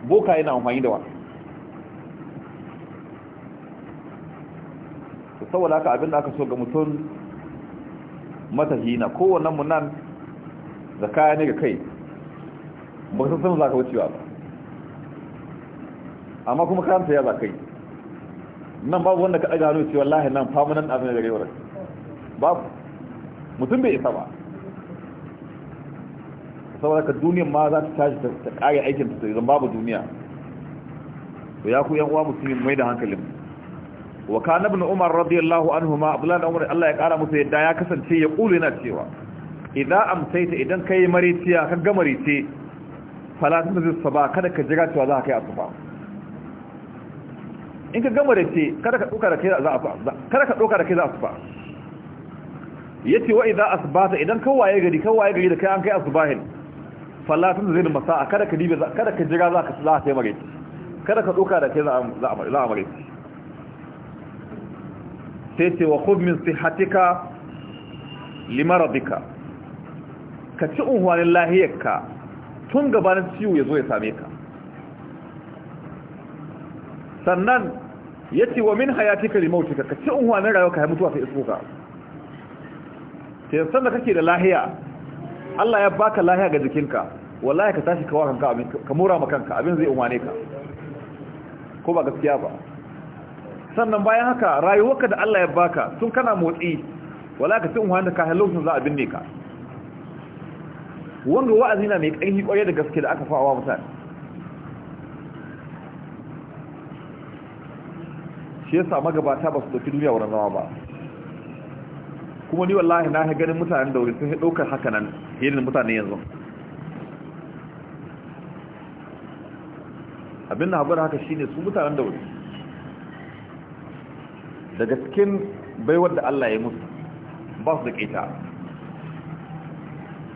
boka yana amfani da wa saboda haka abin da aka so ga mutum matahina kowannen mu nan da kaya ne ga kai ba ka san za ka wucewa ba amma kuma kayan ya za kai nan babu wanda ka ɗaga hannu cewa lahin nan famunan abin da gare wurin babu mutum bai isa ba saboda ka duniyar ma za ta tashi ta kare aikin ta zan babu duniya to ya ku yan uwa musulmi mai da hankalin wa kan ibn umar radiyallahu anhuma abdullahi da umar Allah ya kara musu yadda ya kasance ya kula yana cewa idan amsaita idan kai mariciya ka ga marice fala tunzis saba kada ka jira cewa za ka kai asuba in ka ga da ce kada ka ɗauka da kai za a kada ka ɗauka da kai za a suba ya ce idan asbata idan subata idan gari gari kawaye gari da kai an kai a fallatin zai masa a kada ka dibe kada ka jira za ka za a taimare kada ka tsoka da kai za a za ki sai ce wa khudh min sihhatika limaradika ka ci lahiyar lahiyarka tun gabanin ciwo ya zo ya same ka sannan ya ce wa min hayatika limautika ka ci rayuwa ka ya mutuwa ta isko ka san sanda kake da lahiya Allah ya baka lahiya ga jikinka wallahi ka tashi kawa kanka abin ka mura ma kanka abin zai umane ka ko ba gaskiya ba sannan bayan haka rayuwarka da Allah ya baka tun kana motsi wallahi ka tun wanda ka halausun za abin ne ka wanda wa'azi na mai ƙarfi ƙwaye da gaske da aka fawa mutane shi yasa magabata ba su dauki duniya wurin zama ba kuma ni wallahi na ganin mutanen da wuri sun fi ɗaukar haka nan yadda mutane yanzu abin da haɓar haka shine su mutanen da wuri daga cikin baiwar da Allah ya musu ba su da ƙeta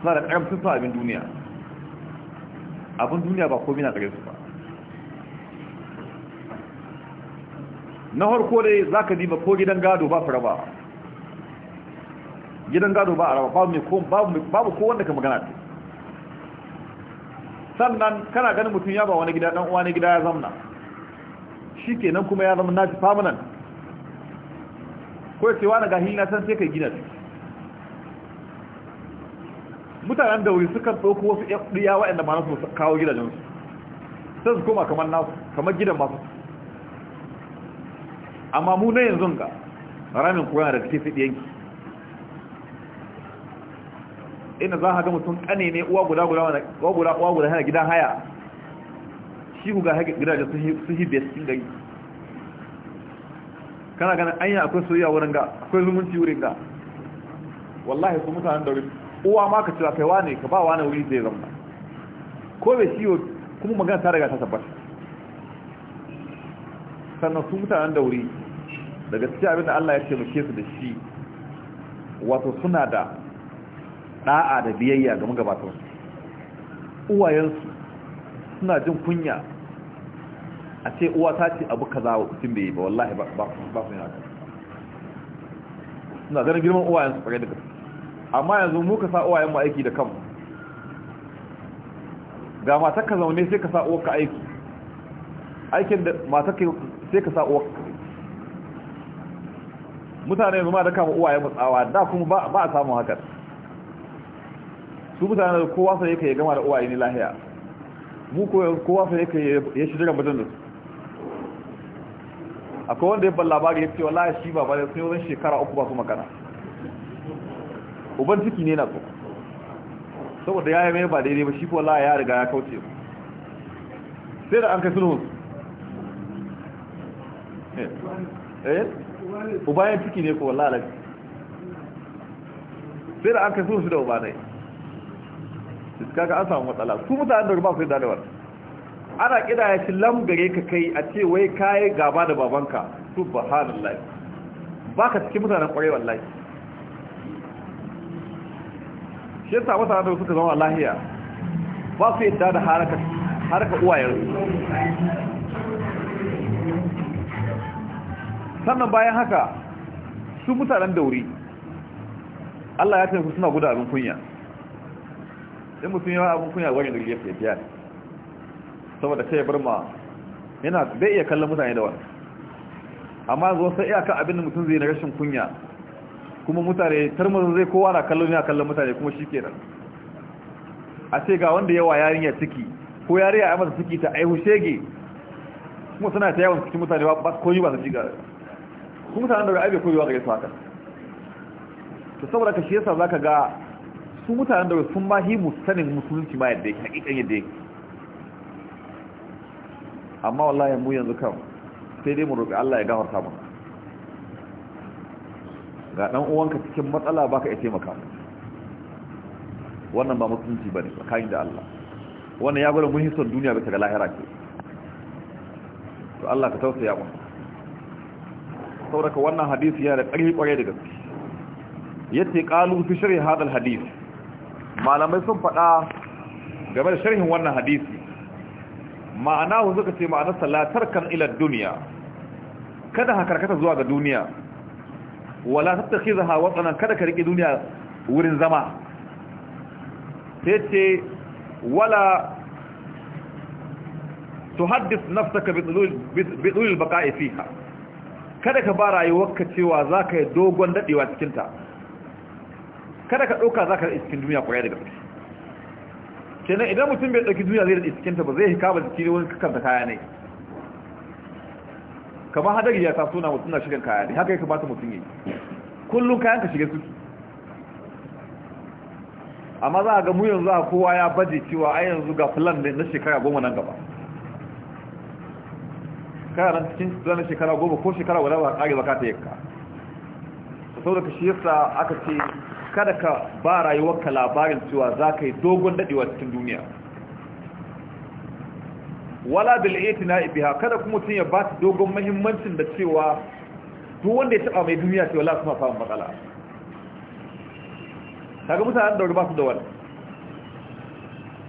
suna da ƙarfi su abin duniya abin duniya ba komi na ƙarfin su ba na harko dai za ka dima ko gidan gado ba fara ba. gidan gado ba a raba babu mai ko babu wanda ka magana ta sannan kana ganin mutum ya ba wani gida dan uwa ne gida ya zamna shi ke nan kuma ya zama nashi famunan ko cewa wani gahi na san sai kai gina su mutanen da wuri suka tsoko wasu ɗiya waɗanda ma nasu kawo gidajensu sai su koma kamar nasu kamar gidan masu amma mu na yanzu ga ramin kuwa da suke fi ɗiyanki inda za ka ga mutum kane ne uwa guda guda uwa guda uwa guda hana gidan haya shi ku ga gidajen su hibe cikin gari kana ganin anya akwai soyayya wurin ga akwai zumunci wurin ga wallahi su mutanen da uwa ma ka cira kaiwa ne ka ba wani wuri zai zama ko bai shi kuma magana ta daga ta tabbata sannan su mutanen da wuri daga cikin abin da Allah ya taimake su da shi wato suna da da'a da biyayya ga su. uwayensu suna jin kunya a ce uwa ta ce abu kaza wa mutum bai yi ba wallahi ba su yi haka suna ganin girman uwayensu kwarai da gaske amma yanzu mu ka sa uwayen aiki da kanmu ga matar ka zaune sai ka sa uwar ka aiki aikin da matar ka sai ka sa uwar ka mutane yanzu ma da kama uwayen matsawa tsawa da kuma ba a samun hakan su mutane da kowa sai yake ya gama da uwaye ne lahiya mu kowa sai yake ya shi daga mutum da su akwai wanda ya balla ba ya ce wallahi shi ba bane sun yi shekara uku ba su magana uban ciki ne na so saboda ya yi mai ba daidai ba shi ko wallahi ya riga ya kauce sai da an kai sulhu eh? eh uba yin ciki ne ko wallahi sai da an kai sulhu da uba ne kaga an samu matsala su mutanen da ba su da dalibar ana ya ci lam gare ka kai a ce wai kai gaba da babanka subhanallah baka cikin mutanen kwarai wallahi shi ta wata da suka zama lahiya ba su yadda da haraka haraka uwayen sannan bayan haka su mutanen dauri Allah ya tafi suna gudanar kunya in mutum yawa abin kunya wani gari ya biya ne saboda kai bar ma yana bai iya kallon mutane da wani amma zo sai kan abin da mutum zai na rashin kunya kuma mutane tarmar zai kowa na kallon ya kallon mutane kuma shi kenan a ce ga wanda yawa ya ciki ko yari ya masa ciki ta aihu shege kuma suna ta yawan cikin mutane ba koyi ba su ci ga kuma mutanen da ra'ayi bai koyi ba ga yasa haka to saboda ka shi yasa zaka ga su mutanen da sun ba himu sanin musulunci ma yadda yake hakikan yadda yake amma wallahi mu yanzu kan sai dai mu roƙi Allah ya gafarta mu ga dan uwanka cikin matsala baka ya taimaka wannan ba musulunci bane tsakanin da Allah wannan ya bar mun hisson duniya ta ga lahira ke to Allah ka tausaya mu saboda wannan hadisi yana da ƙarfi ƙware da gaske yace qalu fi shari hadal hadisi malamai sun faɗa game da sharhin wannan hadisi ma'ana hu suka ce ma'anar salatar kan ilar duniya kada ha karkata zuwa ga duniya wala ta tafi zaha watsanan kada ka riƙe duniya wurin zama sai ce wala tuhaddis nafsaka bi tsulil baqa'i fiha kada ka ba rayuwarka cewa za ka yi dogon daɗewa cikinta. kada ka ɗauka za ka da iskin duniya kwaya daga gaske kenan idan mutum bai ɗauki duniya zai da iskinta ba zai hika ba jiki ne wani kakanta kaya ne kamar hada ya ta suna mutum na shigan kaya ne haka ya kamata mutum yi kullum kayan ka shiga su amma za a ga mu yanzu a kowa ya baje cewa a yanzu ga ne na shekara goma nan gaba kaya nan cikin na shekara goma ko shekara wadda ba a kare baka ta yakka da ka shi yasa aka ce kada ka ba rayuwarka labarin cewa za ka yi dogon dadewa cikin duniya wala bil na biha kada kuma mutum ya ba ta dogon muhimmancin da cewa duk wanda ya taba mai duniya cewa la kuma samu matsala daga mutanen da ba su da wani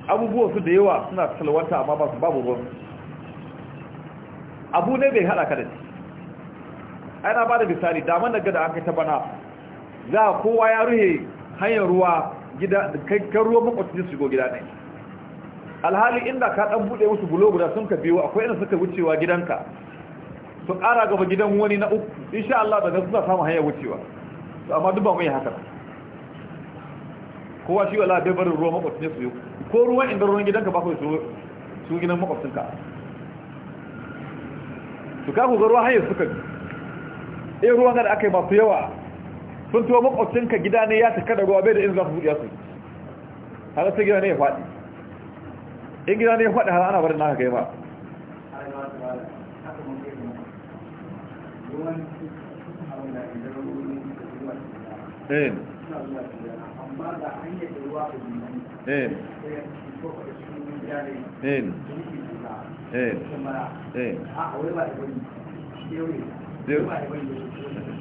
abubuwa su da yawa suna salwanta amma ba su babu ruwan abu ne bai hada ka da shi ana ba da misali damar daga da an kai ta bana za kowa ya ruhe hanyar ruwa gida da kan ruwa makwacin su shigo gida ɗin alhali inda ka ɗan buɗe musu bulo guda sun ka biyo akwai inda suka wucewa gidanka su ƙara gaba gidan wani na uku in sha Allah daga suna samun hanyar wucewa su amma duk ba mai haka kowa shi wala bai barin ruwa makwacin su ko ruwan inda ruwan gidanka ba ku su gidan makwacin su ka ga ruwa hanyar suka bi ɗaya ruwan da aka yi masu yawa sun tuwa makwabcinka gida ne ya ta da ruwa da in za su buɗe su har gida ne ya faɗi in gida ne ya faɗi har ana barin haka yi ba eh eh eh eh eh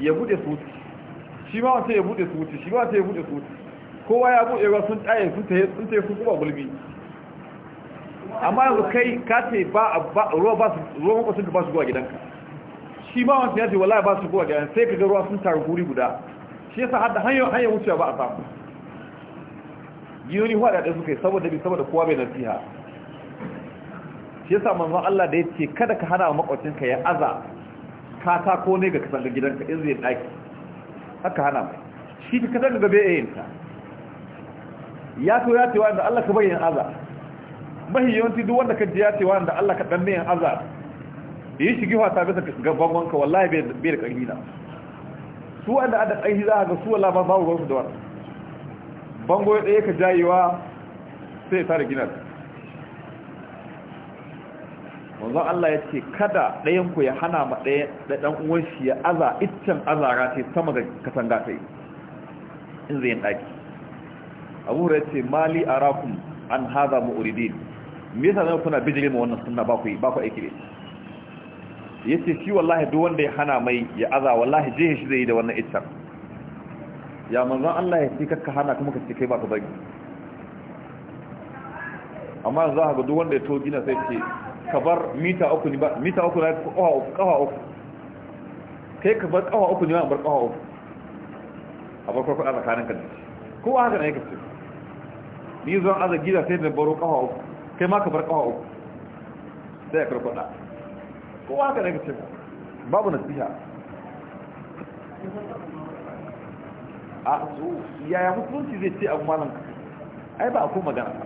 ya bude su shi ma wata ya bude su wuce shi ma wata ya bude su wuce kowa ya bude ba sun tsaye sun taye sun taye sun kuma gulbi amma yanzu kai ka ce ba ruwa ba su ruwa makwasin da ba su zuwa gidanka shi ma wanda ya ce wallahi ba su zuwa gidan sai ka ga ruwa sun taru guri guda shi yasa hadda hanyar hanyar wucewa ba a samu yiwuni huwa da ɗaya suka yi saboda bi saboda kowa bai nasiha shi yasa manzon Allah da ya ce kada ka hana makwacinka ya aza katako ne ga katangar gidanka in zai daki haka hana mai shi ka katangar gabe yayin ta ya to ya ce wanda Allah ka bayyan azab mahi yawanci duk wanda ka ji ya ce wanda Allah ka danne yan azab yi shigi ta bisa gaban wanka wallahi bai da ƙarfi na su wanda ada kai za a ga su wallahi ba babu ruwansu da wani bango ya tsaye ka jayewa sai ya tare ginar wanzan Allah ya ce kada ɗayanku ya hana ma ɗaya ɗan uwanshi ya aza iccen azara ce sama ga katanga ta yi in zai yin ɗaki abu ya ce mali a rakun an haza ma'uridin me yasa zama kuna bijirin ma wannan suna ba ku aiki ne ya ce shi wallahi duk wanda ya hana mai ya aza wallahi jihin shi zai yi da wannan iccen ya manzan Allah ya ce kakka hana kuma ka ce kai ba ku bari amma za ka ga duk wanda ya to gina sai ce ka bar mita uku ne ba mita uku na kawa uku kawa uku kai ka bar kawa uku ne ba bar kawa uku a bar kwakwa a tsakanin ka ko haka ne ka ce ni zan aza gida sai da baro kawa uku kai ma ka bar kawa uku sai ka kwakwa ko haka ne ka ce babu nasiha a su yaya mutunci zai ce abu malam ai ba a ko magana ba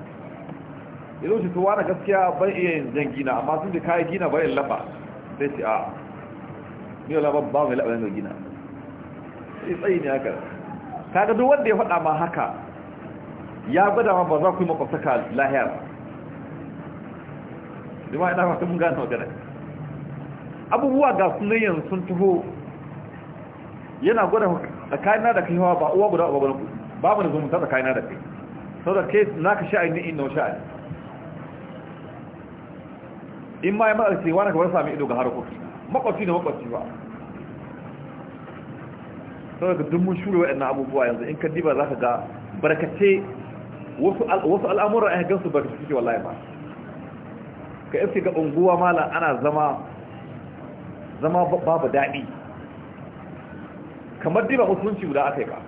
yanzu shi tuwa na gaskiya ban iya yin jan gina amma sun ce kayi gina bai laba, sai ce a ni wala ba mai labarin da gina sai tsayi ne haka kaga duk wanda ya faɗa ma haka ya gwada ma ba za ku yi makwabtaka lahiyar jama'a ina fata mun gane magana abubuwa ga sunan yanzu sun taho yana gwada tsakanina da kai hawa ba uwa guda uba ba mu da zumunta tsakanina da kai sau da kai na ka sha'ani inda sha'ani in ma ya matsar cewa na kamar sami ido ga harkoki makwabci da makwabci ba sau da dun mun shuri waɗannan abubuwa yanzu in kaddiba za ka ga barkace wasu al'amuran a gansu barkace suke wallahi ba ka iske ga unguwa malam ana zama zama babu daɗi kamar diba musulunci guda aka yi ba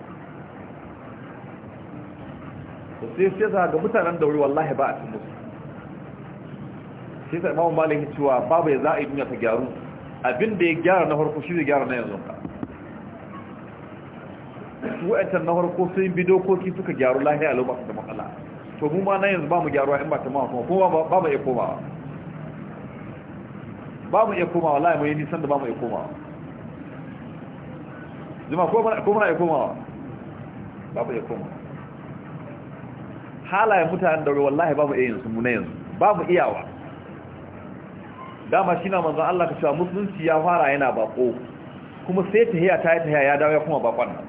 sai sai za ga mutanen da wuri wallahi ba a cin musu shi sai imamu malin cewa babu ya za a yi duniya ta gyaru abin da ya gyara na harko shi zai gyara na yanzu ka su wa'ancan na harko sun bi dokoki suka gyaru lahiya a lokacin da matsala to mu ma na yanzu ba mu gyaruwa in ba ta mawa kuma ba mu iya komawa ba mu iya komawa lahiya mai nisan da ba mu iya komawa zuma ko muna iya komawa ba mu iya komawa halayen mutanen da wallahi ba mu iya yanzu mu na yanzu ba mu iyawa dama shi na manzan Allah ka cewa musulunci ya fara yana bako kuma sai ta hiyar ta yi ta hiyar ya dawo ya kuma bakon nan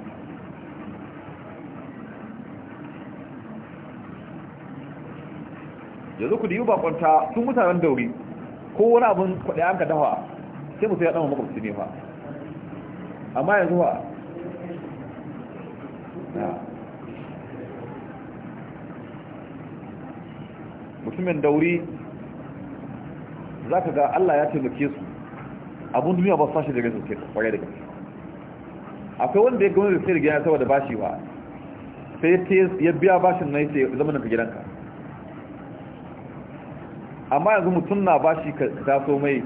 yanzu ku da bakon bakonta sun mutanen dauri ko wani abin kwaɗe an ka dawa sai musu ya ɗan makwabci ne fa amma yanzu ba mutumin dauri za ka ga Allah ya taimake su abun duniya ba sashi da gaske kwarai da gaske akwai wanda ya gwamnati sai da ya saboda bashi ba sai ya biya bashin na yace zama na gidanka amma yanzu mutum na bashi ka taso mai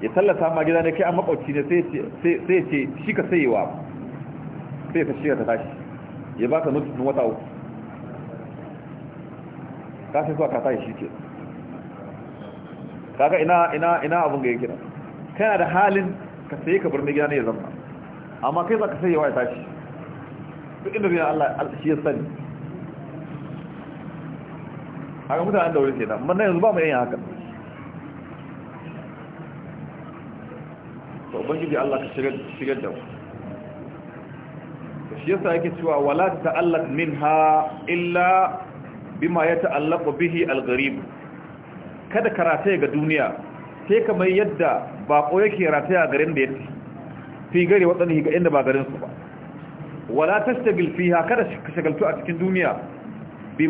ya tallata ma gida ne kai a makwabci ne sai ya ce shi ka sayewa sai ka shiga ta tashi ya baka nutus wata uku ka sai zuwa ka tashi shi ke kaga ina ina ina abun ga yake kana da halin ka sai ka bar gida ne ya zama amma kai zaka sai yawa ya tashi duk inda ya Allah shi ya sani haka mutanen da wuri ke amma manna yanzu ba mu yin haka to ubangiji Allah ka shigar shigar da mu shi yasa yake cewa wala ta'allaq minha illa bima yata'allaqu bihi al-gharib kada ka rataya ga duniya sai mai yadda bako yake rataya garin da yake fi gari waɗanda ga inda ba garin su ba wala tastagil fiha kada ka shagaltu a cikin duniya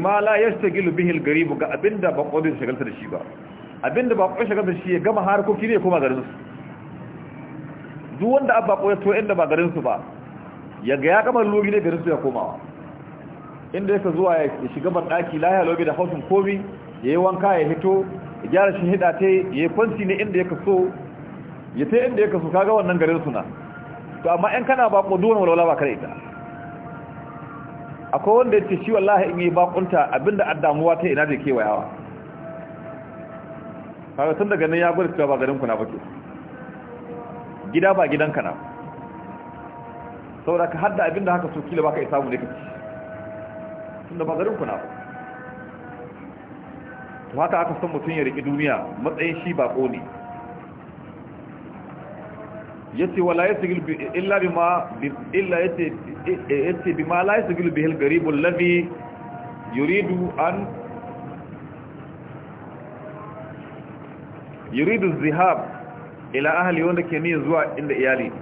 ma la yastagilu bihi al-garib ga abinda bako bai shagalta da shi ba abinda bako shagalta da shi ya gama harkoki ne kuma garin su duk wanda abba ko ya to inda ba garin su ba ya ga ya kamar logi ne garin su ya komawa inda yake zuwa ya shiga ban daki lahiya lobi da hausin komi yayi wanka ya hito gyara shi hida ta ya kwanci ne inda ya kaso ya ta inda ya kaso kaga wannan garin suna to amma yan kana bako duwana walwala ba kare ita akwai wanda ya ce shi wallahi in yi bakunta abinda an damuwa ta ina da kewayawa kaga tun daga nan ya gwada cewa ba garin ku na ke gida ba gidan ka na saboda ka hadda abinda haka so kila baka isa mu ne kaci da ba garin ku na ba to haka aka san mutum ya riƙi duniya matsayin shi bako ne yace wala yasgil illa bima illa yace yace bima la yasgil bihi al-gharib alladhi yuridu an yuridu az-zihab ila ahli wanda ke niyyar zuwa inda iyali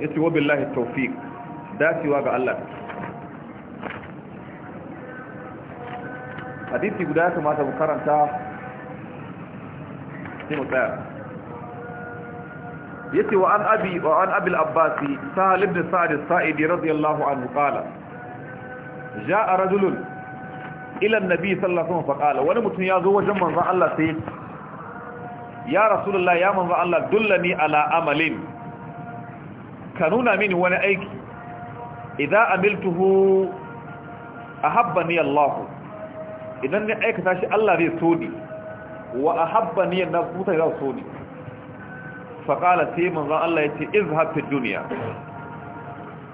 yace wa billahi tawfiq dacewa ga Allah hadisi guda ya kamata mu karanta sai mu yace wa an abi wa an abil abbasi sahal ibn sa'd as-sa'idi radiyallahu anhu qala jaa rajulun ila an-nabi sallallahu alaihi wasallam faqala wani mutum ya zo wajen manzon Allah sai ya rasulullah ya manzon Allah dullani ala amalin ka nuna mini wani aiki idza amiltuhu ahabbani Allah idan ne aikata shi Allah zai so ni wa ahabba ni na mutane za su so ni fa qala sai manzon Allah yace izhab fi dunya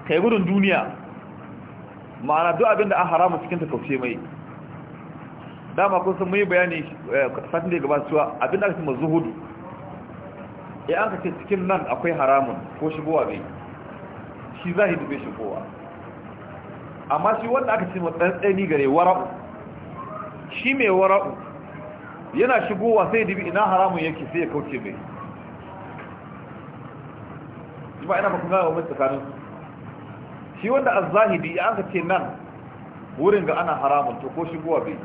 kai gudun duniya ma'ana duk abinda an harama cikin ta kauce mai dama kun san mai bayani eh, satin da ya gabata cewa abinda aka cimma zuhudu. ya eh, an kace cikin nan akwai haramun ko shigowa bai shi zahidi bai shigowa amma shi wanda aka ce matsantsani gare wara'u shi mai wara'u yana shigowa sai dibi ina haramun yake sai ya kauce mai ba ina bakun gawa mai tsakanin shi wanda a zahidi an ka ce nan wurin ga ana haramun to ko shigowa bai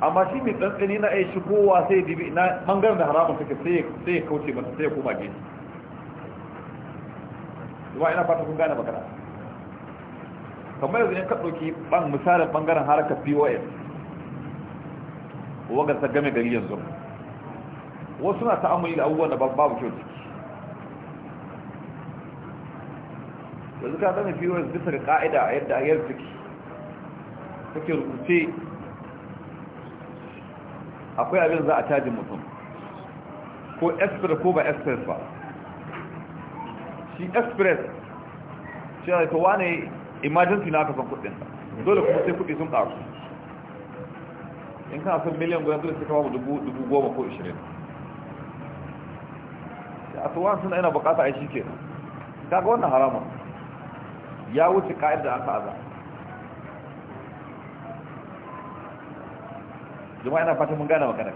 amma shi mai tsantsani na ai shigowa sai dibi ina bangaren da haramun take sai ya kauce mata sai ya koma gini ba ina fata kun gane magana kamar yanzu ne ka ɗauki ban misalin ɓangaren harkar pos wagar ta game gari yanzu wasu na ta'amuli da abubuwan da babu kyau ciki yanzu ka zama pos bisa ga ka'ida a yadda ayyar yar ciki kake rubuce akwai abin za a cajin mutum ko express ko ba express ba shi express shi ne ta wane emergency na aka san kudin dole kuma sai kudi sun karu in kana san miliyan guda dole sai ka mu dubu goma ko ishirin da tuwa suna yana bukata aiki ke kaga wannan haramun ya wuce ka'ir da aka aza jama'a yana fatan mun gane magana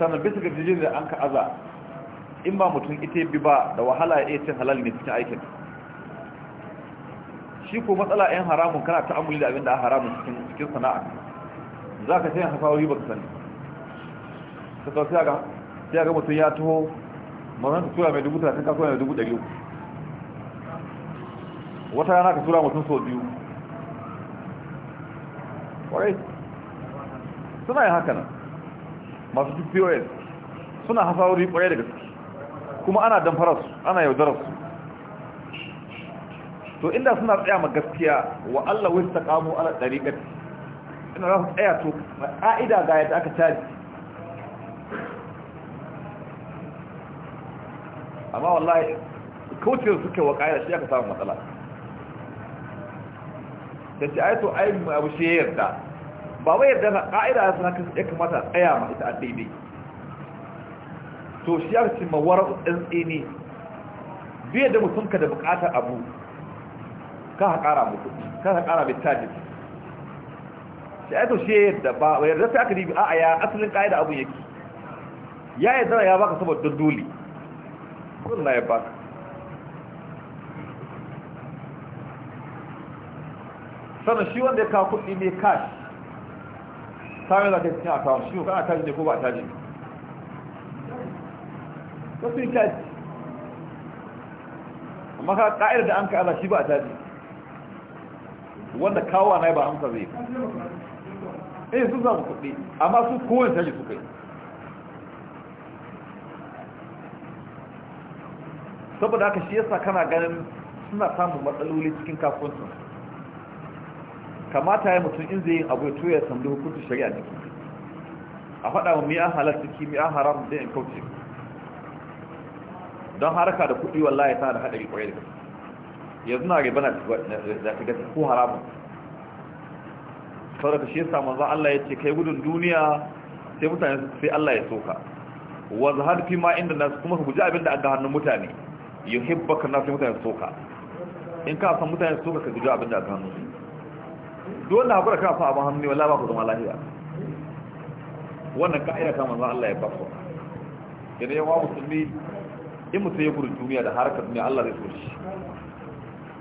sannan bisa ga da an ka aza in ba mutum ita bi ba da wahala ya cin halal ne cikin aikin shi ko matsala yan haramun kana ta amuli da abin da haramun cikin cikin sana'a za ka sayan hafawoyi ba ka sani ka sau sai ga sai ga mutum ya taho mazan tura mai dubu talatin kasuwa mai dubu ɗari wata rana ka tura mutum sau biyu ƙwarai suna yin haka nan masu duk pos suna hafawoyi ƙwarai da gaske kuma ana damfarar su ana yaudarar su to inda suna tsaya ma gaskiya wa Allah wai taqamu ala dariqati ina za su tsaya to ka'ida ga yadda aka taji amma wallahi kaucewa suke wa ƙa'ida shi aka samun matsala da ce ai to ai abu shi ya yarda ba wai yarda na ka'ida ya kamata tsaya ma ita a daidai to shi ya ce mawara ɗan tsini biya da mutum ka da bukatar abu ka ha ƙara mu ka ha mai taji shi ya taushe yadda ba wa yarda sai aka ribi a ya asalin ka'ida abu yake ya yi zara ya baka saboda don dole na ya baka sannan shi wanda ya kawo kudi ne kashi samun zafi ta yi cikin akawun shi ko ana tajin ne ko ba tajin ne ka su amma ka ƙa'ir da an ka ala shi ba a caji wanda kawo na ba amsa zai eh sun samu kuɗi amma su kowane caji su kai saboda haka shi yasa kana ganin suna samun matsaloli cikin kasuwancin kamata ya mutum in zai yin abu ya tuya sandu hukuntun shari'a ne a faɗa wa mi'an halar ciki mi'an haram da in kauce don haraka da kuɗi wallahi tana da haɗari kwarai da gaske yanzu na riba na shiga ko haramun ka shi yasa manzo Allah ya ce kai gudun duniya sai mutane sai Allah ya soka wanzu har fi ma inda nasu kuma ka guji abinda aka hannun mutane na nas mutane soka in ka san mutane soka ka guji abinda aka hannun duk wanda haƙura ka fa abin hannu wallah ba ku zama lafiya wannan ka'ira ta manzo Allah ya ba ku idan musulmi in mutum ya gudun duniya da harkar duniya Allah zai so shi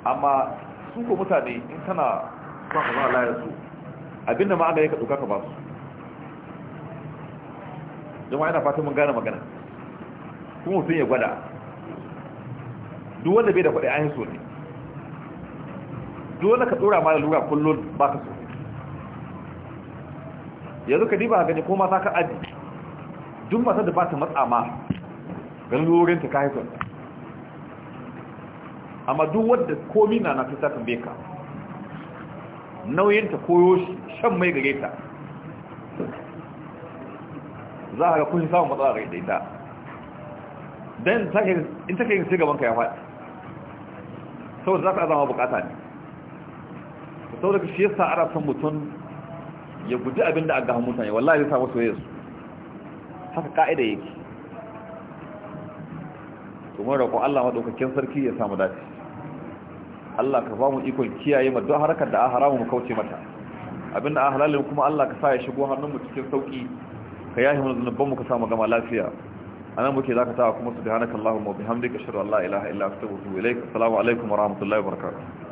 amma su ko mutane in kana son ka zama ya su abinda ma'ana ya ka ɗauka ka ba su jama'a yana fatan mun gane magana kuma mutum ya gwada duk wanda bai da kwaɗe an yi so ne duk wanda ka ɗora ma da lura kullum ba ka so yanzu ka diba gani ko mata ka aji duk masar da ba ta matsa ma ta ka haifar amma duk wanda komi na na fita kan beka nauyinta koyo shan mai gare ta za a ga kun samun matsala ga ita take in take yin sai ka ya faɗi saboda za ka azama bukata ne saboda ka shi yasa ana son mutum ya guji abinda aka ga mutane wallahi zai samu soyayya haka ka'ida yake kuma da ko Allah madaukakin sarki ya samu dace Allah ka ba mu ikon kiyaye mu duk harkar da haramu mu kauce mata abinda a halalin kuma Allah ka sa ya shigo hannunmu cikin sauki ka yahi mu zunuban mu ka sa mu gama lafiya anan muke zaka ta kuma subhanakallahumma wa bihamdika ashhadu an la ilaha illa anta astaghfiruka wa atubu ilaik assalamu alaikum wa rahmatullahi wa barakatuh